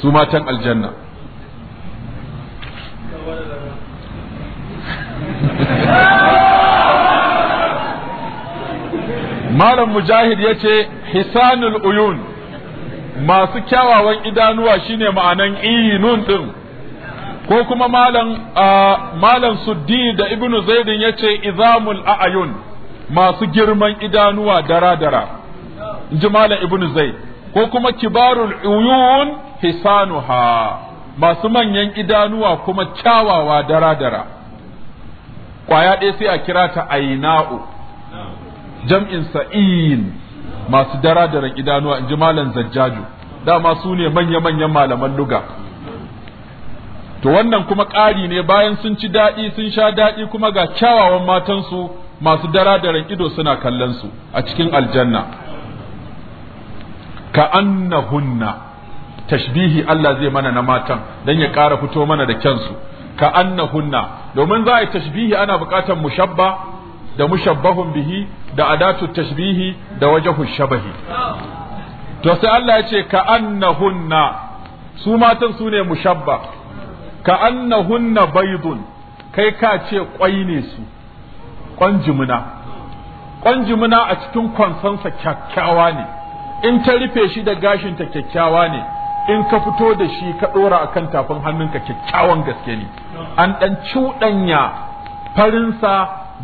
su matan aljanna malam mujahid ya ce hisanul uyun masu kyawawan idanuwa shine ma'anan inun ɗin ko kuma malam malam suddi da ibnu zaidin yace izamul A'ayun, masu girman idanuwa dara dara inji malam ibnu zaid ko kuma kibarul uyun hisanuha masu manyan idanuwa kuma kyawawa dara dara kwaya ɗaya sai a kira ta aina'u jam'in sa'in masu dara daran idanuwa inji malam zajjaju dama su ne manya manyan malaman luga to wannan kuma ƙari ne bayan sun ci daɗi sun sha daɗi kuma ga kyawawan matansu masu dara ran ido suna kallon su a cikin aljanna ka annahunna tashbihi Allah zai mana na matan dan ya ƙara fito mana da kyansu ka annahunna domin za a yi tashbihi ana buƙatar mushabba da mushabbahun bihi da adatu tashbihi da wajahu shabahi to sai Allah ya ce ka annahunna su matan su ne mushabba ka hunna baydun kai ka ce kwai ne su kwan jimina kwan jimina a cikin kwansansa kyakkyawa ne in ta rufe shi da gashinta kyakkyawa ne in ka fito da shi ka ɗora a kan tafin hannunka kyakkyawan gaske ne an ɗan cuɗanya farinsa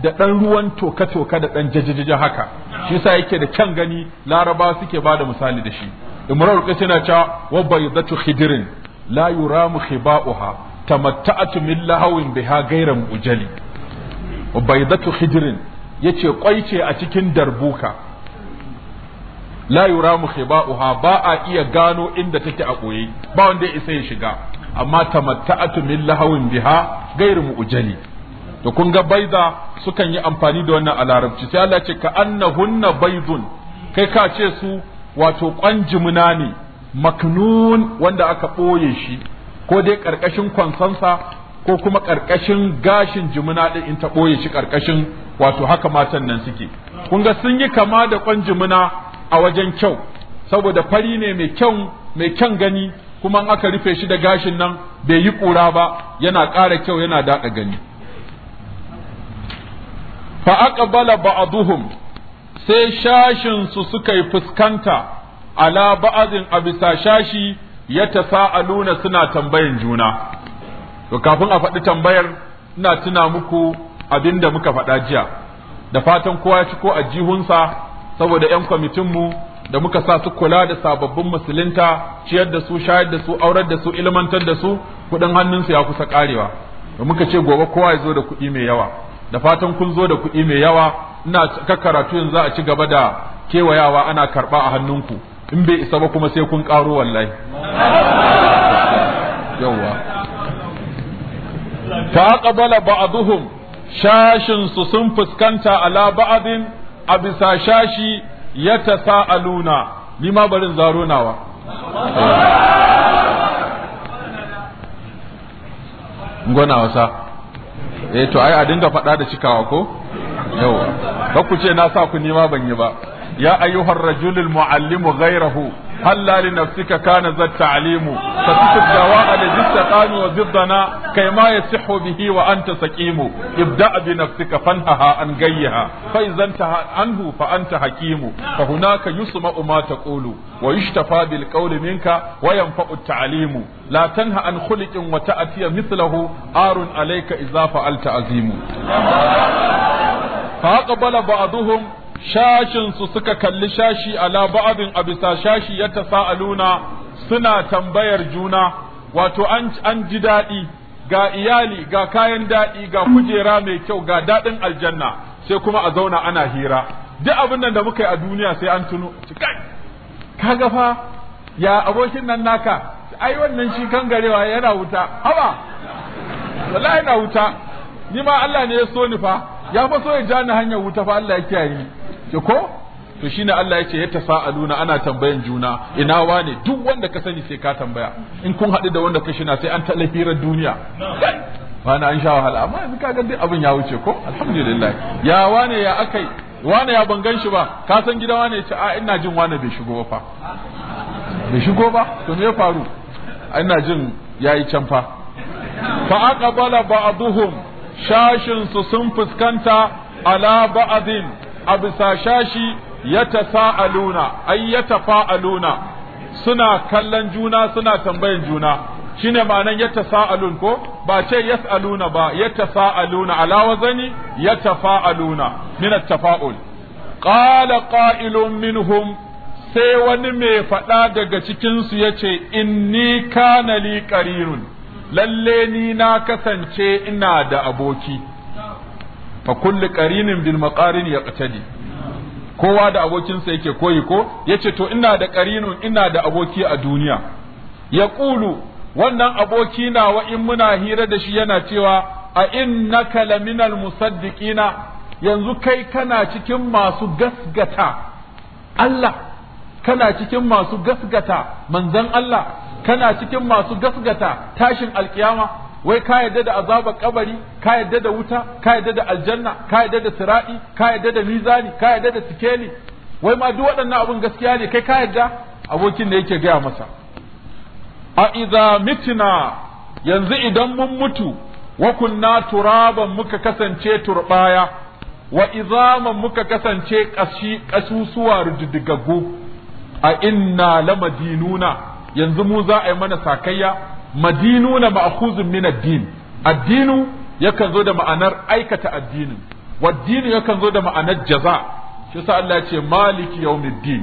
da ɗan ruwan toka-toka da ɗan jaje-jaje haka shi yasa yake da kyan gani laraba suke ba da misali da shi imrar qasina cha wa baydatu khidrin la yuramu khiba'uha tamatta'atu min lahawin biha ghayra mujali baydatu khidrin yace kwai ce a cikin darbuka la yuramu khiba'uha ba a iya gano inda take a koye ba wanda ya isa ya shiga amma tamatta'atu min lahawin biha ghayra mujali to kun ga baiza sukan yi amfani da wannan a larabci sai Allah ce ka annahunna baidun kai ka ce su wato kwanjimuna ne maknun wanda aka ɓoye shi ko dai ƙarƙashin kwansansa ko kuma ƙarƙashin gashin jimina ɗin in ta boye shi ƙarƙashin wato haka matan nan suke kun ga sun yi kama da ƙwan jimina a wajen kyau saboda fari ne mai kyau mai kyan gani kuma in aka rufe shi da gashin nan bai yi ƙura ba yana ƙara kyau yana daɗa gani fa aqbala ba'duhum sai shashin su suka yi fuskanta ala ba'adin a bisa shashi yatasaaluna suna tambayan juna to kafin a faɗi tambayar ina tuna muku abin da muka faɗa jiya da fatan kowa ya ciko ko a jihunsa saboda 'yan mu da muka sa su kula da sababbin musulunta ciyar da su shayar da su aurar da su ilmantar da su kuɗin hannunsu ya kusa ƙarewa. da muka ce gobe kowa ya zo da kuɗi mai yawa da fatan kun zo da kuɗi mai yawa ina ka karatu yanzu a ci gaba da kewayawa ana karɓa a hannunku in bai isa ba kuma sai kun ƙaro wallahi fa aqbala ba'dhum shashin su sun fuskanta ala ba'adin a bisa shashi ya ta sa'aluna ni ma barin zaro nawa wasa eh to ai a dinga faɗa da cikawa ko yawa ba ku ce na sa ku nima ban yi ba يا أيها الرجل المعلم غيره هلا لنفسك كان ذا التعليم فسك الدواء لذي السقام وضدنا كيما يصح به وأنت سكيم ابدأ بنفسك فانهها عن غيها فإذا انتهى عنه فأنت حكيم فهناك يسمع ما تقول ويشتفى بالقول منك وينفع التعليم لا تنهى عن خلق وتأتي مثله آر عليك إذا فعلت عزيم فأقبل بعضهم shashinsu suka kalli shashi ala ba'abin a bisa shashi ya tasa'aluna suna tambayar juna wato an ji daɗi ga iyali ga kayan daɗi ga kujera mai kyau ga daɗin aljanna sai kuma a zauna ana hira duk abin nan da muka yi a duniya sai an tuno kaga fa ya abokin nan naka ai wannan shi kan garewa yana wuta haba wallahi na wuta ni ma Allah ne ya so ni fa ya fa so ya ja ni hanyar wuta fa Allah ya kiyaye Eh, ko to shine Allah ya ce ya tafa'aluna ana tambayan juna ina wane duk wanda ka sani sai ka tambaya in kun haɗu da wanda ka shina sai an talafirar duniya na an sha wahala amma yanzu ka ga duk abin ya wuce ko alhamdulillah ya wane ya akai wane ya ban shi ba ka san gida wane ya ce a ina jin wane bai shigo ba bai shigo ba to me ya faru ina jin yayi can fa fa aqbala ba'duhum shashin su sun fuskanta ala ba'din a ya ya tasa'aluna ai ya tafa'aluna suna kallon juna suna tambayan juna shine ma'anan ya tasa'alun ko ba ce yas'aluna ba ya tasa'aluna ala zani ya tafa'aluna min at-tafa'ul qala qa'ilun minhum sai wani mai faɗa daga cikinsu ya ce, Inni kana li ƙarirun, lalle ni na kasance ina da aboki, fa kulli qarinin bil maqarin yaqtadi kowa da abokinsa yake koyi ko yace to ina da qarinun ina da aboki a duniya ya yaqulu wannan aboki na wa in muna hira da shi yana cewa a innaka laminal musaddiqina yanzu kai kana cikin masu gasgata Allah kana cikin masu gasgata manzon Allah kana cikin masu gasgata tashin alkiyama wai ka yadda da azabar kabari ka yadda da wuta ka yadda da aljanna ka yadda da sira'i ka yadda da mizani ka yadda da sikeli wai ma duk waɗannan abun gaskiya ne kai ka yadda abokin da yake gaya masa a idza mitna yanzu idan mun mutu wa kunna turaban muka kasance turbaya wa izaman muka kasance kashi kasusuwa a inna lamadinuna yanzu mu za a yi mana sakayya madinuna ma'khuzun min ad-din addinu yakan zo da ma'anar aikata addinin waddinu yakan zo da ma'anar jaza shi sa Allah ya ce maliki yawmiddin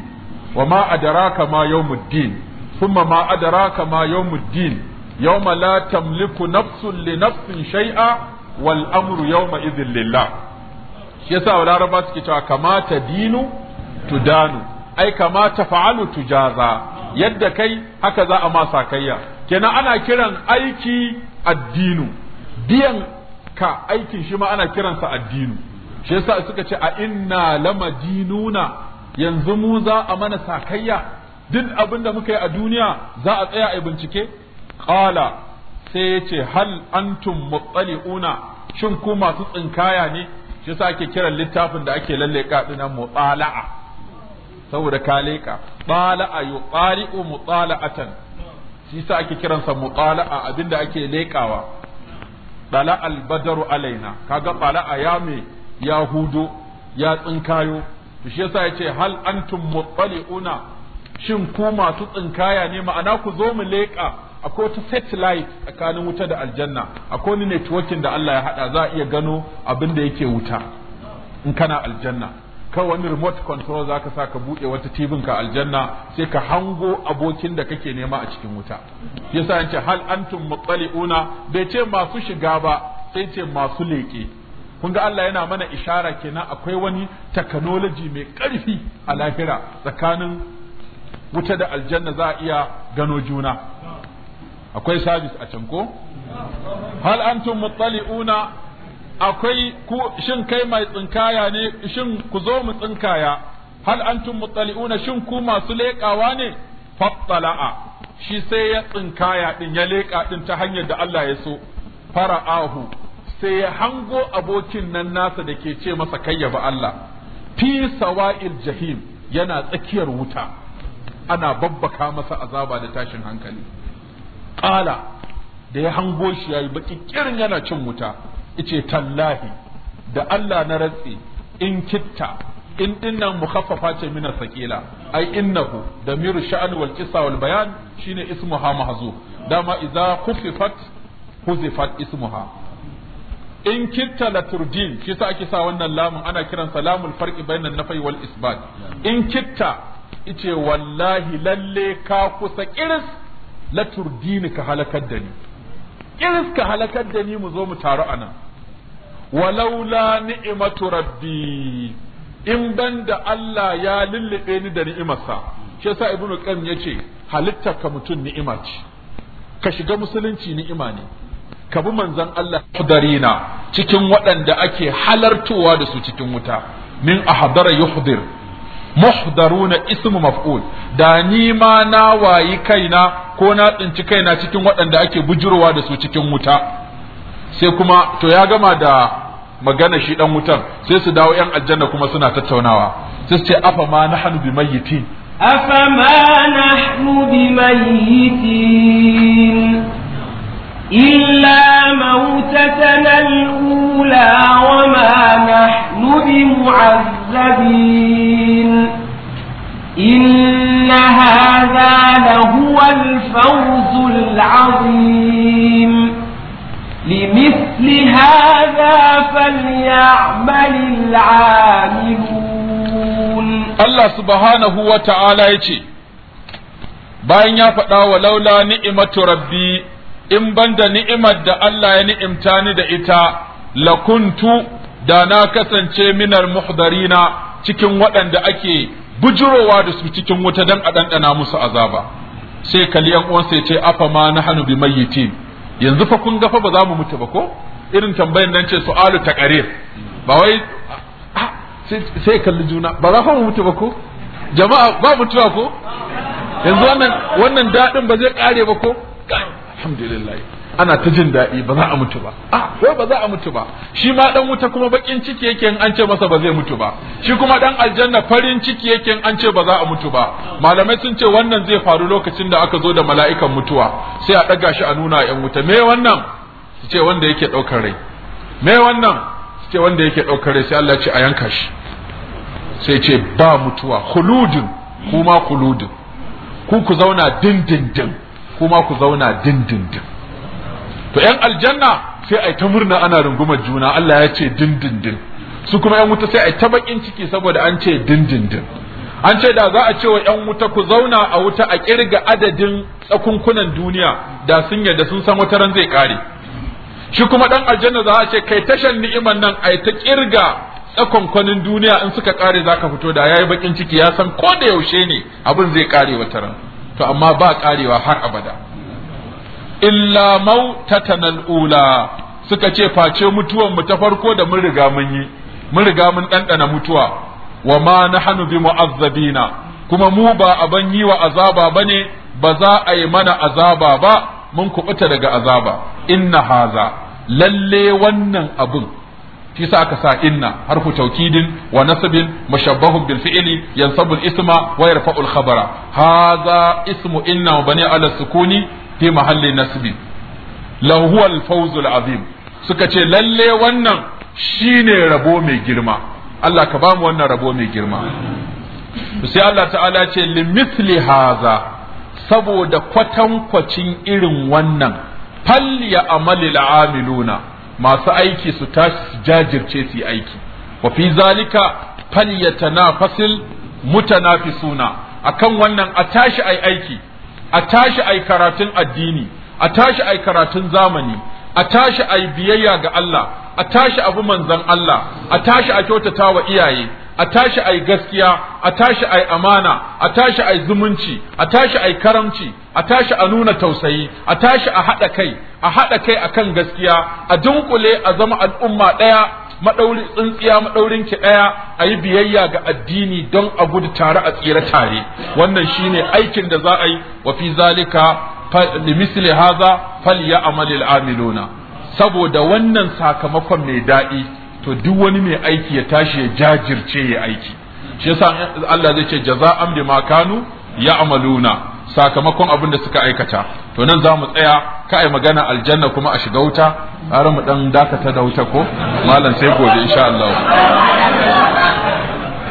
wa ma adraka ma yawmiddin thumma ma adraka ma yawmiddin yawma la tamliku nafsun li nafsin shay'a wal amru yawma idhin lillah shi yasa laraba suke cewa kamata dinu tudanu ai kamata fa'alu tujaza yadda kai haka za a ma sakayya kenan ana kiran aiki addinu biyan ka aikin shi ma ana kiransa addinu shi yasa suka ce a inna lamadinuna yanzu mu za a mana sakayya duk abin da muka yi a duniya za a tsaya a bincike Ƙala. sai ya ce hal antum muttali'una shin ku masu tsinkaya ne shi yasa ake kiran littafin da ake lalle kaɗina mutsala'a saboda ka leka tsala'a yuqari'u mutsala'atan shi sa ake kiransa mutala'a abinda ake leƙawa dala albadaru alaina kaga dala'a ya me ya hudo ya tsinkayo to shi yasa yace hal antum muttali'una shin ku masu tsinkaya ne ma'ana ku zo mu leƙa akwai wata satellite tsakanin wuta da aljanna akwai wani networking da Allah ya hada za a iya gano abin da yake wuta in kana aljanna kawai wani remote control za ka sa ka buɗe wata tibin ka aljanna sai ka hango abokin da kake nema a cikin wuta yasa an ce hal antum muttali'una bai ce masu shiga ba sai ce masu leƙe kun ga Allah yana mana ishara kenan akwai wani technology mai ƙarfi a lafira tsakanin wuta da aljanna za a iya gano juna akwai sabis a can ko hal antum muttali'una akwai ku shin kai mai tsinkaya ne shin ku zo mu tsinkaya hal antum muttali'una shin ku masu leƙawa ne fattala'a shi sai ya tsinkaya din ya leƙa din ta hanyar da Allah ya so fara'ahu sai ya hango abokin nan nasa da ke ce masa ba Allah fi sawa'il jahim yana tsakiyar wuta ana babbaka masa azaba da tashin hankali qala da ya hango shi yayi baki kirin yana cin wuta ice tallahi da Allah na ratsi in kitta in dinnan mukhaffafa ce mina sakila ai innahu da miru sha'an wal qissa wal bayan shine ismuha mahzu dama idza khuffifat huzifat ismuha in kitta la turjin shi sa ake sa wannan lamun ana kiran salamul farqi bainan nafai wal isbat in kitta ice wallahi lalle ka kusa kiris la ka halakar da ni kiris ka halakar da ni mu zo mu taru anan walaula ni'imatu rabbi in banda Allah ya lullube ni da ni'imarsa shi yasa ibnu qayyim yace halitta ka mutum ni'ima ce ka shiga musulunci ni'ima ne ka bi manzon Allah darina cikin waɗanda ake halartowa da su cikin wuta min ahdara yuhdir muhdaruna ismu maf'ul da ni ma na wayi kaina ko na tsinci kaina cikin waɗanda ake bujurwa da su cikin wuta sai kuma to ya gama da magana shi dan wutan sai su dawo yan aljanna kuma suna tattaunawa sai su ce afa ma nahnu bimayyitin afa ma nahnu bimayyitin إلا موتتنا الأولى وما نحن بمعذبين إن هذا لهو الفوز العظيم لمثل هذا فليعمل العاملون الله سبحانه وتعالى يجي bayan ya faɗa wa laula ni'imatu rabbi in banda ni'imar da Allah ya ni'imta ni da ita lakuntu da na kasance minar muhdarina cikin waɗanda ake bujurowa da su cikin wuta dan a ɗanɗana musu azaba sai kaliyan uwansa ya ce afa ma bi bimayyitin yanzu fa kun ga fa ba za mu mutu ba ko irin tambayan nan ce su'alu ta taqarir ba wai sai kalli juna ba za mu mutu ba ko jama'a ba mutuwa ko yanzu wannan wannan dadin ba zai kare ba ko alhamdulillah ana ta jin daɗi ba za a mutu ba a ah, wai ba za a mutu ba shi ma dan wuta kuma bakin ciki yake an ce masa ba zai mutu ba shi kuma dan aljanna farin ciki yake an ce ba za a mutu ba malamai sun ce wannan zai faru lokacin da aka zo da mala'ikan mutuwa sai a daga shi a nuna yan wuta me wannan su ce wanda yake daukar rai me wannan su ce wanda yake daukar rai sai Allah ya ce a yanka shi sai ce ba mutuwa khuludun kuma khuludun ku ku zauna dindindin kuma ku zauna dindindin to yan aljanna sai ai ta murna ana rungumar juna Allah ya ce dindindin su kuma yan wuta sai ai ta bakin ciki saboda an ce dindindin an ce da za a ce wa yan wuta ku zauna a wuta a kirga adadin tsakunkunan duniya da sun yarda sun san wata ran zai kare shi kuma ɗan aljanna za a ce kai tashan ni'iman nan ai ta kirga tsakunkunan duniya in suka kare zaka fito da yayi bakin ciki ya san ko da yaushe ne abin zai kare wata ran to amma ba karewa har abada illa mautatana ula suka ce face mutuwan mu ta farko da mun riga mun yi mun riga mun ɗanɗana mutuwa wa ma nahnu bi mu'azzabina kuma mu ba aban yi wa azaba bane ba za a yi mana azaba ba mun kubuta daga azaba inna haza lalle wannan abun shi sa aka sa inna harfu taukidin wa nasbin mushabbahun bil fi'li yansabu al isma wa yarfa'u al khabara ismu inna wa bani ala sukuni fi mahalli nasbi lahu al-fawz al azim suka ce lalle wannan shine rabo mai girma Allah ka bamu wannan rabo mai girma sai Allah ta'ala ce mithli haza saboda kwatankwacin irin wannan fal ya amali amiluna masu aiki su tashi su jajirce su aiki wa fi zalika fal yatanafasil mutanafisuna akan wannan a tashi ai aiki a tashi ai karatun addini a tashi ai karatun zamani a tashi ai biyayya ga Allah a tashi abu manzan Allah a tashi a kyautata iyaye a tashi ai gaskiya a tashi ai amana a tashi ai zumunci a tashi ai karamci a tashi a nuna tausayi a tashi a haɗa kai a haɗa kai akan gaskiya a dunkule a zama al'umma ɗaya madauri tsintsiya madaurin ki a yi biyayya ga addini don a gudu tare a tsira tare wannan shine aikin da za a yi wa fi zalika limisli hadha falyamal amiluna saboda wannan sakamakon mai daɗi to duk wani mai aiki ya tashi ya jajirce ya aiki shi yasa Allah zai ce jaza'an bima kanu ya'maluna sakamakon abin da suka aikata to nan za mu tsaya ka ai magana aljanna kuma a shiga wuta har mu dan dakata da wuta ko malam sai gobe insha Allah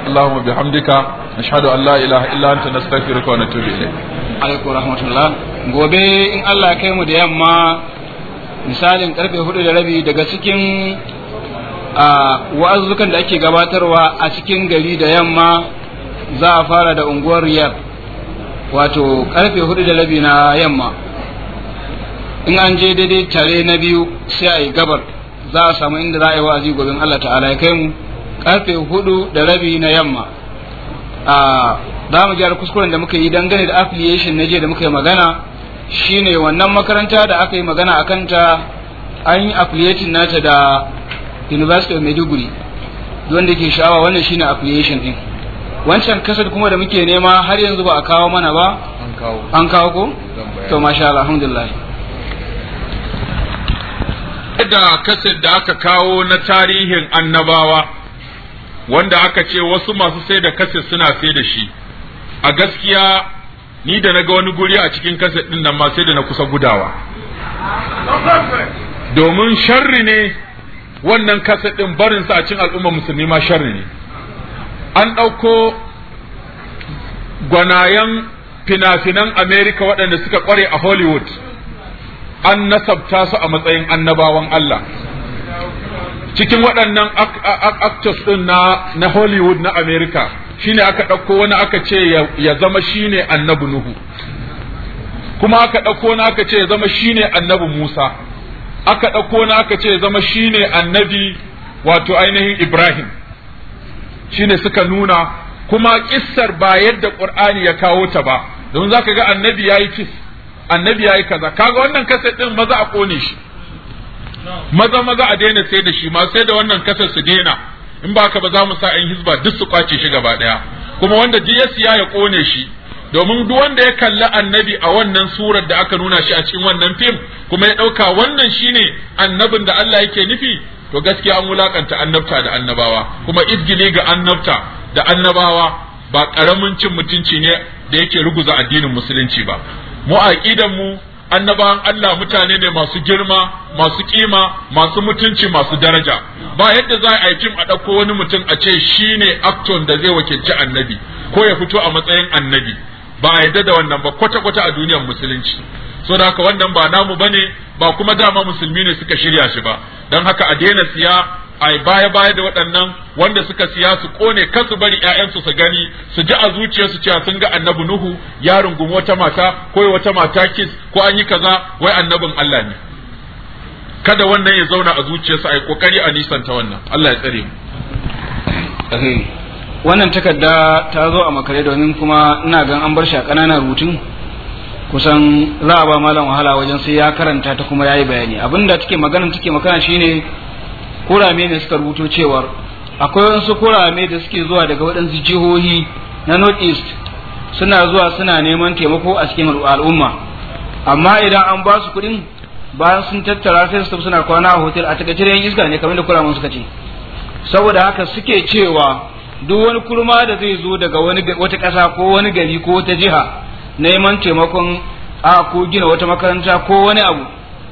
Allahumma bihamdika nashhadu an la ilaha illa anta nastaghfiruka wa natubu ilayk alaikum rahmatullah gobe in Allah kai mu da yamma misalin karfe 4 da rabi daga cikin wa'azukan da ake gabatarwa a cikin gari da yamma za a fara da unguwar riyadh wato karfe hudu da rabi na yamma in an je daidai tare na biyu sai a yi gabar za a samu inda za a yi wa'azi gobin Allah ta'ala ya kai mu karfe hudu da rabi na yamma a za mu gyara kuskuren da muka yi dangane da affiliation na je da muka yi magana shine wannan makaranta da aka yi magana a kanta an yi affiliation nata da University of Maiduguri wanda ke sha'awa wannan shine affiliation din wancan kasar kuma da muke nema har yanzu ba a kawo mana ba an kawo ko to masha Allah alhamdulillah da kasar da aka kawo na tarihin annabawa wanda aka ce wasu masu sai da kasar suna sai da shi a gaskiya ni da na ga wani guri a cikin kasar din nan ma da na kusa gudawa domin sharri ne wannan kasar din barinsa a cikin al'ummar musulmi ma sharri ne an ɗauko gwanayen fina-finan Amerika waɗanda suka ƙware a Hollywood an nasabta su a matsayin annabawan Allah cikin waɗannan actors ɗin na, na Hollywood na Amerika shine aka ɗauko wani aka ce ya zama shine annabi Nuhu kuma aka ɗauko wani aka ce ya zama shine annabi Musa aka ɗauko wani aka ce ya zama shine annabi wato ainihin Ibrahim shine suka nuna kuma kissar ba yadda qur'ani ya kawo ta ba don zaka ga annabi yayi kiss annabi yayi kaza kaga wannan kasar din maza a kone shi maza maza a daina sai da shi ma sai da wannan kasar su daina in ba haka ba za mu sa yan hizba duk su kwace shi gaba daya kuma wanda jiyasi ya ya kone shi domin duk wanda ya kalli annabi a wannan surar da aka nuna shi a cikin wannan fim kuma ya ɗauka wannan shine annabin da Allah yake nufi to gaskiya an wulakanta annabta da annabawa kuma izgili ga annabta da annabawa ba karamin cin mutunci ne da yake ruguza addinin musulunci ba mu aqidan mu annabawan Allah mutane ne masu girma masu kima masu mutunci masu daraja ba yadda za a yi a ɗauko wani mutum a ce shine acton da zai wakilci annabi ko ya fito a matsayin annabi ba a yadda da wannan ba kwata-kwata a duniyar musulunci so da haka wannan ba namu ba ne ba kuma dama musulmi ne suka shirya shi ba don haka a daina siya a baya baya da waɗannan wanda suka siya su kone kansu bari ƴaƴansu su gani su ji a zuciyarsu cewa sun ga annabi nuhu ya rungumi wata mata ko wata mata kis ko an yi kaza wai annabin Allah ne kada wannan ya zauna a zuciyarsa yi kokari a nisanta wannan Allah ya tsare mu wannan takarda ta zo a makare domin kuma ina gan an bar shi a ƙananan rubutun kusan za a ba malam wahala wajen sai ya karanta ta kuma ya yi bayani abinda take magana take magana shine kurame ne suka rubuto cewar akwai wasu kurame da suke zuwa daga waɗansu jihohi na north east suna zuwa suna neman taimako a cikin al'umma amma idan an ba su kuɗin bayan sun tattara sai su suna kwana a hotel a takaice yan iska ne kamar da kuramen suka ce saboda haka suke cewa duk wani kurma da zai zo daga wani wata ƙasa ko wani gari ko wata jiha neman taimakon a ko gina wata makaranta ko wani abu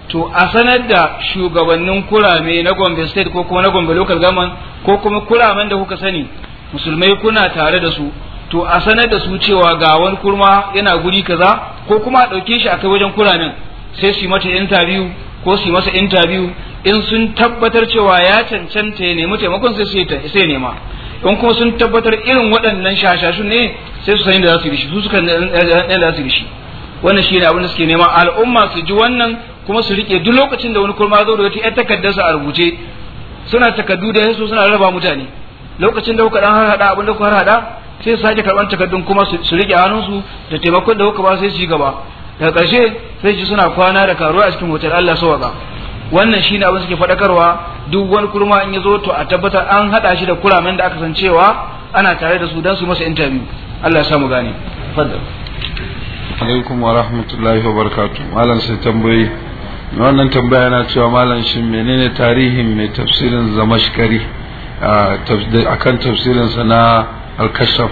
to a sanar da shugabannin kurame na Gombe state ko kuma na Gombe local government ko kuma kuramen da kuka sani musulmai kuna tare da su to a sanar da su cewa ga wani kurma yana guri kaza ko kuma a ɗauke shi a kai wajen kuramen sai su yi mata interview ko su yi masa interview in sun tabbatar cewa ya cancanta ya nemi taimakon sai sai nema Don kuma sun tabbatar irin waɗannan shashashu ne sai su san da za su yi shi su suka da za su yi shi wannan shi ne abin da suke nema al'umma su ji wannan kuma su rike duk lokacin da wani kurma zo da wata takardar takardarsa a rubuce suna takardu da yansu suna raba mutane lokacin da kuka dan har hada abin da kuka har hada sai su sake karban takardun kuma su rike hannun su da taimakon da kuka ba sai su ci gaba daga ƙarshe sai su suna kwana da karuwa a cikin hotel Allah sawaka wannan shi ne abin suke faɗakarwa duk wani kurma in ya zo to a tabbatar an haɗa shi da kuramen da aka san cewa ana tare da su don su masa interview Allah ya samu gane fadda alaikum wa rahmatullahi wa malam sai tambayi wannan tambaya yana cewa malam shi menene tarihin mai tafsirin zamashkari akan tafsirinsa na alkashaf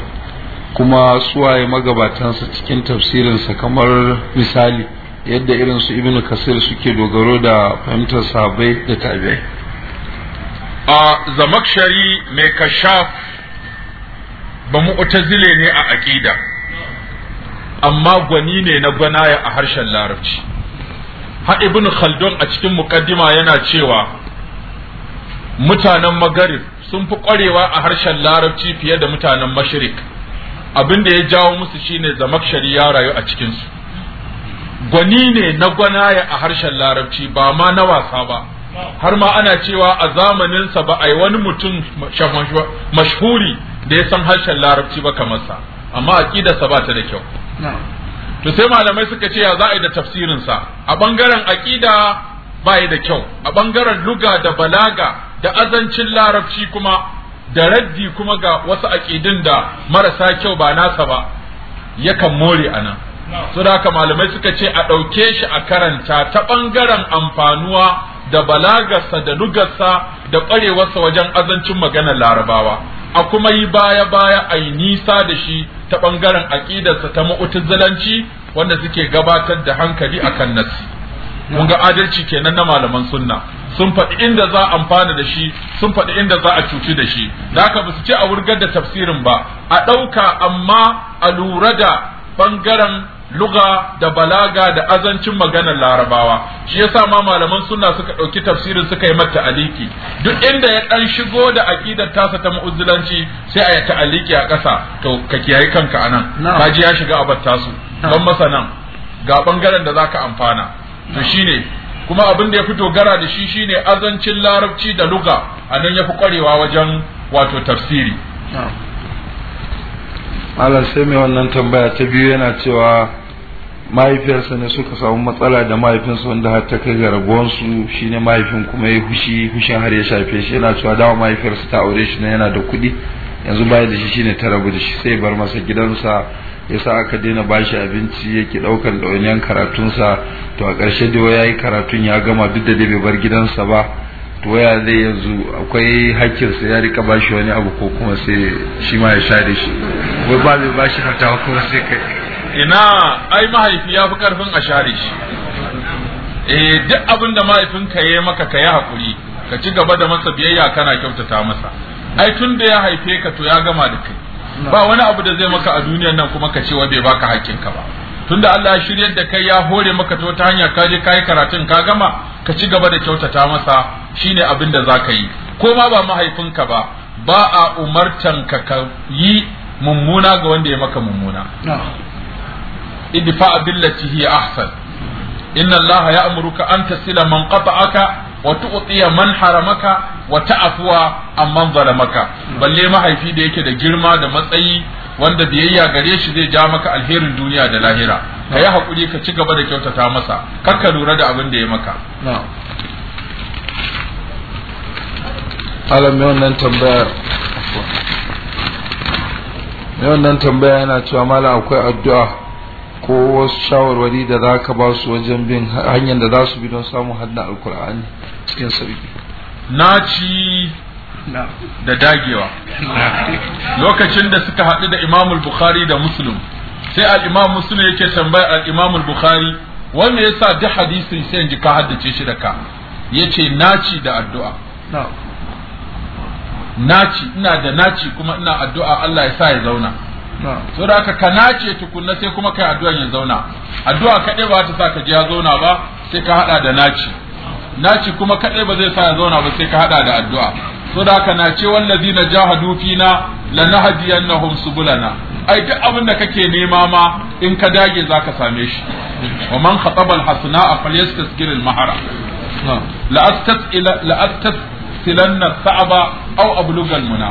kuma suwaye magabatansa cikin tafsirinsa kamar misali yadda irin su ibnu kasir suke dogaro da fahimtar sahabbai da tabi'ai a zamakshari mai kashaf ba mu'tazile ne a aqida amma gwani ne na gwanaya a harshen larabci ha ibn khaldun a cikin muqaddima yana cewa mutanen magarib sun fi ƙwarewa a harshen larabci fiye da mutanen mashirik. abin da ya jawo musu shine zamakshari ya rayu a cikinsu gwani ne na gwanaye a harshen larabci ba ma na wasa ba har ma ana cewa a zamaninsa ba a yi wani mutum mashhuri da ya san harshen larabci ba kamar sa amma aqidarsa ba ta da kyau to sai malamai suka ce ya za a yi da tafsirinsa a ɓangaren aƙida ba yi da kyau a ɓangaren luga da balaga da azancin larabci kuma da raddi kuma ga wasu aƙidun da marasa kyau ba nasa ba yakan more a nan. su haka malamai suka ce a ɗauke shi a karanta ta ɓangaren amfanuwa da balagarsa da nugarsa da ƙwarewarsa wajen azancin maganar larabawa a kuma yi baya baya a yi nisa da shi ta ɓangaren aƙidarsa ta ma'utuzzalanci wanda suke gabatar da hankali akan nasi mun ga adalci kenan na malaman sunna sun faɗi inda za a amfana da shi sun faɗi inda za a cuci da shi da haka ba su ce a wurgar da tafsirin ba a ɗauka amma a lura da ɓangaren luga da balaga da azancin maganar larabawa shi yasa ma malaman sunna suka ɗauki tafsirin suka yi mata aliki duk inda ya ɗan shigo da aƙidar tasa ta mu'uzzilanci sai a yi ta'aliki a ƙasa to ka kiyaye kanka anan ka ji ya shiga abar tasu don masa nan ga bangaren da zaka amfana to shine kuma abin da ya fito gara da shi shine azancin larabci da luga anan ya fi kwarewa wajen wato tafsiri malam sai mai wannan tambaya ta biyu yana cewa mahaifiyarsa ne suka samu matsala da mahaifinsa wanda har ta kai ga shi shine mahaifin kuma ya fushi fushin har ya shafe shi yana cewa dawa mahaifiyarsa ta aure shi na yana da kuɗi yanzu baya da shi shine ta rabu da shi sai bar masa gidansa ya sa aka daina bashi abinci yake ɗaukar ɗawainiyar karatunsa to a ƙarshe da ya yi karatun ya gama duk da dai bai bar gidansa ba to waya zai yanzu akwai hakkinsa ya rika bashi wani abu ko kuma sai shi ma ya share shi wai ba zai bashi hatawa kuma sai kai ina ai mahaifi ya fi karfin a share shi eh duk abinda da mahaifinka ya maka ka yi hakuri ka ci gaba da masa biyayya kana kyautata masa ai tun da ya haife ka to ya gama da kai ba wani abu da zai maka a duniyar nan kuma ka ce wa bai baka hakkinka ba Tun da Allah ya shiryar da kai ya hore maka ta hanya ka je ka yi karatun ka gama ka ci gaba da kyautata masa shine abin da za ka yi ko ma ba mahaifinka ba ba a umartan ka ka yi mummuna ga wanda ya maka mummuna abin billati hi ahsan inna allaha amuruka an tasila man aka wa tu'tiya man haramaka wa ta'afwa amman zalamaka balle mahaifi da yake da girma da matsayi wanda biyayya gare shi zai ja maka alherin duniya da lahira ka yi hakuri ka ci gaba da kyautata masa kar ka lura da abin da ya maka alam mai wannan tambayar tambaya yana cewa malam akwai addu'a ko wasu shawarwari da za ka ba su wajen bin hanyar da za su bi don samun hannun alkur'ani cikin sauki na ci da dagewa lokacin da suka haɗu da imamul bukhari da muslim sai al'imam muslim yake tambaya al'imamul bukhari wanda ya sa duk hadisin sai ji ka haddace shi da ka ya ce naci da addu'a naci ina da naci kuma ina addu'a Allah ya sa ya zauna so da haka ka nace tukunna sai kuma kai addu'a ya zauna addu'a kaɗai ba ta sa ka ji ya zauna ba sai ka haɗa da naci naci kuma kaɗai ba zai sa ya zauna ba sai ka haɗa da addu'a so da haka nace wallazina jahadu fina lanahdiyannahum subulana ai duk abin da kake nema ma in ka dage zaka same shi wa man khatabal hasana falyastaskiril mahara la astas ila la astas silanna sa'aba aw ablugal muna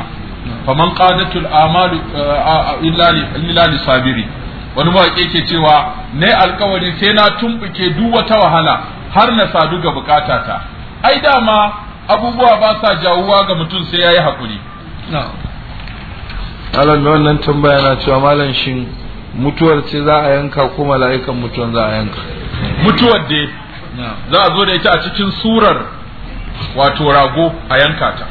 faman qadatul amalu eh, illa li sabiri wani mawaƙi ke cewa ne alkawari sai na tumbuke duk wata wahala har na sadu ga bukatata ai dama abubuwa ba sa jawuwa ga mutum sai yayi hakuri Malam mai wannan tambaya na cewa malam shin mutuwar ce za a yanka ko mala'ikan mutuwar za a yanka mutuwar dai za a zo da ita a cikin surar wato rago a yanka ta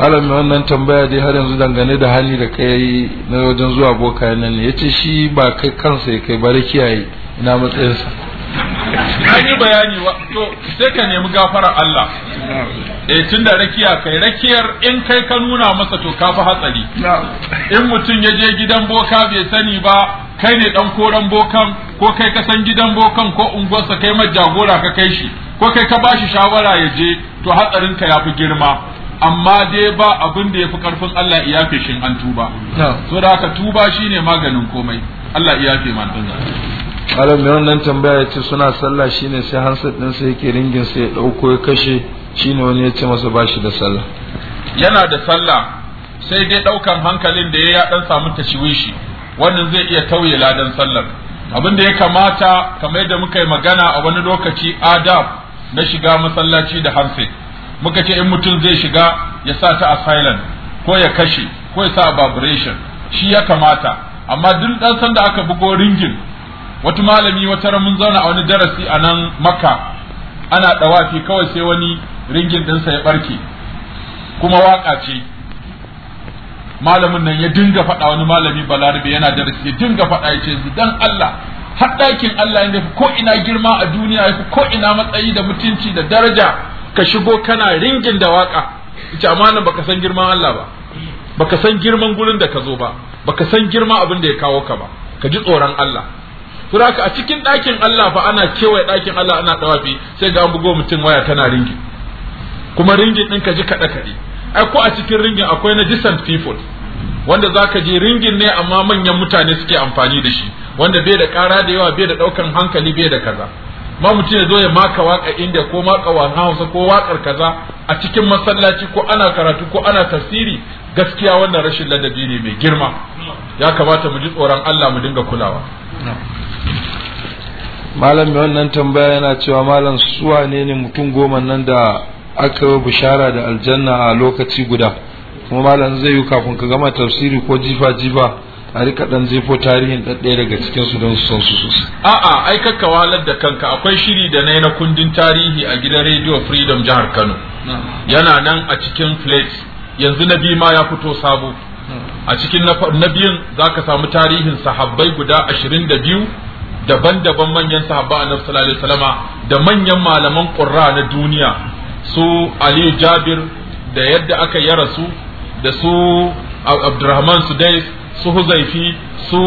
malam wannan tambaya dai har yanzu dangane da hali da kai na wajen zuwa boka nan ne yace shi ba kai kansa ya kai bari kiyaye ina matsayinsa an yi bayani wa to sai ka nemi gafarar Allah eh tun da rakiya kai rakiyar in kai ka nuna masa to ka fi hatsari in mutum ya je gidan boka bai sani ba kai ne dan koran bokan ko kai ka san gidan bokan ko unguwarsa kai majagora ka kai shi ko kai ka bashi shawara ya je to hatsarin ka ya fi girma amma dai ba abin da yafi karfin Allah iya shin an tuba so da haka tuba shine maganin komai Allah iya fe mana malam mai wannan tambaya ya ce suna sallah shine sai hansar ɗinsa yake ringin sai ya dauko ya kashe shine wani ya ce masa bashi da sallah yana da sallah sai dai daukan hankalin da ya dan samu ta shi wannan zai iya tauye ladan sallar abin da ya kamata kamar da muka yi magana a wani lokaci adab na shiga masallaci da hansit muka ce in mutum zai shiga ya sa ta a silent ko ya kashe ko ya sa a vibration shi ya kamata amma duk dan sanda aka bugo ringin wata malami wata mun zauna a wani darasi a nan makka ana dawafi kawai sai wani ringin sa ya barke kuma waka ce malamin nan ya dinga faɗa wani malami balarabe yana darasi ya dinga faɗa ya ce dan Allah har ɗakin Allah ya ko ina girma a duniya ya ko ina matsayi da mutunci da daraja ka shigo kana ringin da waka amma nan baka san girman Allah ba baka san girman gurin da ka zo ba baka san girman abin da ya kawo ka ba ka ji tsoron Allah kuma a cikin ɗakin Allah fa ana kewaye ɗakin Allah ana tawafi sai ga an bugo mutum waya tana ringi kuma ringin din ka ji kaɗe kaɗe ai ko a cikin ringin akwai na distant people wanda zaka je ringin ne amma manyan mutane suke amfani da shi wanda bai da ƙara da yawa bai da ɗaukan hankali bai da kaza ma mutum ya zo ya maka waka inda ko maka wa hausa ko wakar kaza a cikin masallaci ko ana karatu ko ana tafsiri gaskiya wannan rashin ladabi ne mai girma ya kamata mu ji tsoron Allah mu dinga kulawa malam mai wannan tambaya yana cewa malam suwa ne ne mutum goma nan da aka yi bishara da aljanna a lokaci guda kuma malam zai yi kafin ka gama tafsiri ko jifa jifa a rika dan zefo tarihin ɗaɗɗaya daga cikin su don son su sosai a'a ai kakka walar da kanka akwai shiri da na na kundin tarihi a gidan radio freedom jihar kano yana nan a cikin plate yanzu na biyu ma ya fito sabo a cikin na biyun za ka samu tarihin sahabbai guda ashirin da biyu daban-daban manyan sahabba a sallallahu alaihi wasallama da manyan malaman ƙurra na duniya su Ali Jabir da yadda aka yara rasu da su Abdurrahman Sudais su huzaifi su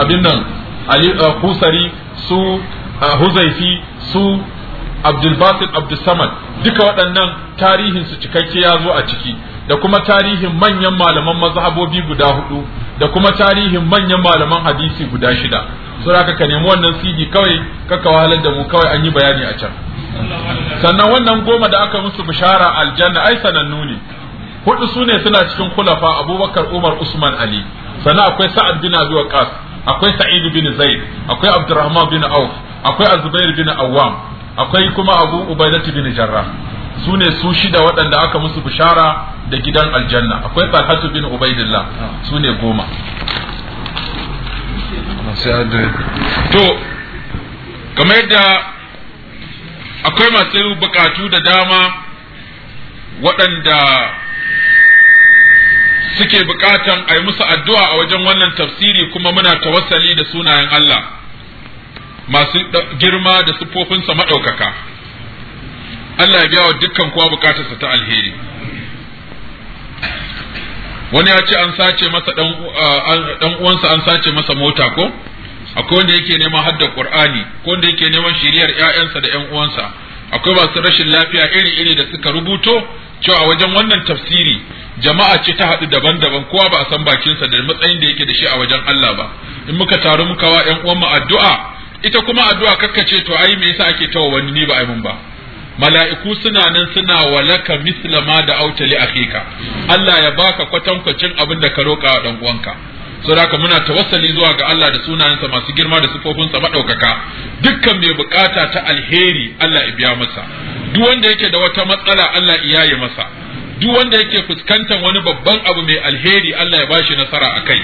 abin nan kusari su huzaifi su abdulbasir abdulsamad duka waɗannan tarihin su cikakke ya zo a ciki da kuma tarihin manyan malaman mazhabobi guda hudu da kuma tarihin manyan malaman hadisi guda shida aka ka nemi wannan CD kawai kaka wahalar da mu kawai an yi bayani a can sannan wannan goma da aka musu bishara aljanna ai sanannu ne hudu su ne suna cikin kulafa abubakar umar usman ali sannan akwai sa'ad bin abi waqas akwai sa'id bin zaid akwai abdurrahman bin auf akwai azubair bin awwam akwai kuma abu ubaidah bin jarrah su ne su shida waɗanda aka musu bishara da gidan aljanna akwai talhatu bin ubaidillah su ne goma to kamar yadda akwai masu bukatu da dama waɗanda suke bukatan a yi musu addu'a a wajen wannan tafsiri kuma muna tawassali da sunayen Allah masu girma da siffofinsa maɗaukaka Allah ya biya wa dukkan kowa bukatarsa ta alheri wani ya ce an sace masa ɗan uwansa an sace masa mota ko akwai wanda yake neman hadda ƙur'ani, ko wanda yake neman shiriyar 'ya'yansa da 'yan uwansa akwai masu rashin lafiya iri-iri da suka rubuto cewa wajen wannan tafsiri jama'a ce ta haɗu daban-daban kowa ba a san bakinsa da matsayin da yake da shi a wajen Allah ba in muka taru muka wa ƴan uwanmu addu'a ita kuma addu'a kakkace to ai me yasa ake tawa wani ni ba ai mun ba mala'iku suna nan suna walaka mislama da da autali akhika Allah ya baka kwatankwacin abin da ka roƙa dan uwanka saboda muna tawassali zuwa ga Allah da sunayensa masu girma da sifofinsa madaukaka dukkan mai bukata ta alheri Allah ya biya masa duk wanda yake da wata matsala Allah iyaye masa duk wanda yake fuskantar wani babban abu mai alheri Allah ya bashi nasara a kai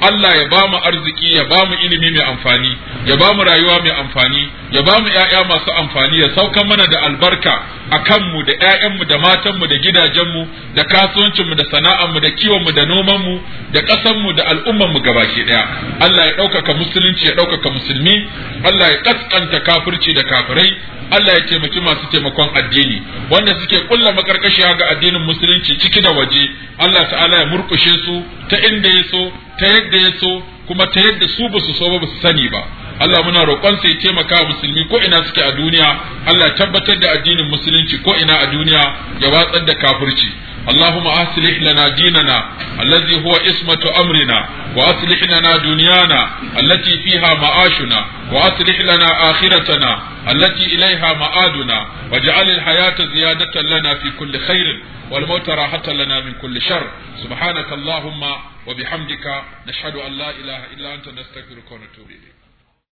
Allah ya ba mu arziki ya ba mu ilimi mai amfani ya ba mu rayuwa mai amfani ya ba mu ‘ya'ya masu amfani ya sauka mana da albarka a kanmu da ‘ya'yanmu da matanmu da gidajenmu da kasuwancinmu da sana'anmu da kiwonmu da nomanmu da ƙasanmu da al'ummanmu gabaki ɗaya Allah ya ɗaukaka musulunci ya ɗaukaka musulmi Allah ya ƙasƙanta kafirci da kafirai Allah ya taimaki masu taimakon addini wanda suke ƙulla makarkashiya ga addinin musulunci ciki da waje Allah ta'ala ya murkushe su ta inda ya so ta yadda ya so kuma ta yadda su ba su so ba su sani ba Allah muna roƙon sai taimaka wa musulmi ko ina suke a duniya Allah tabbatar da addinin musulunci ko ina a duniya ya watsar da kafirci اللهم أصلح لنا ديننا الذي هو اسمة أمرنا وأصلح لنا دنيانا التي فيها معاشنا وأصلح لنا آخرتنا التي إليها مآدنا واجعل الحياة زيادة لنا في كل خير والموت راحة لنا من كل شر سبحانك اللهم wa bihamdika nashhadu an la ilaha illa anta nastaghfiruka wa natubu ilayk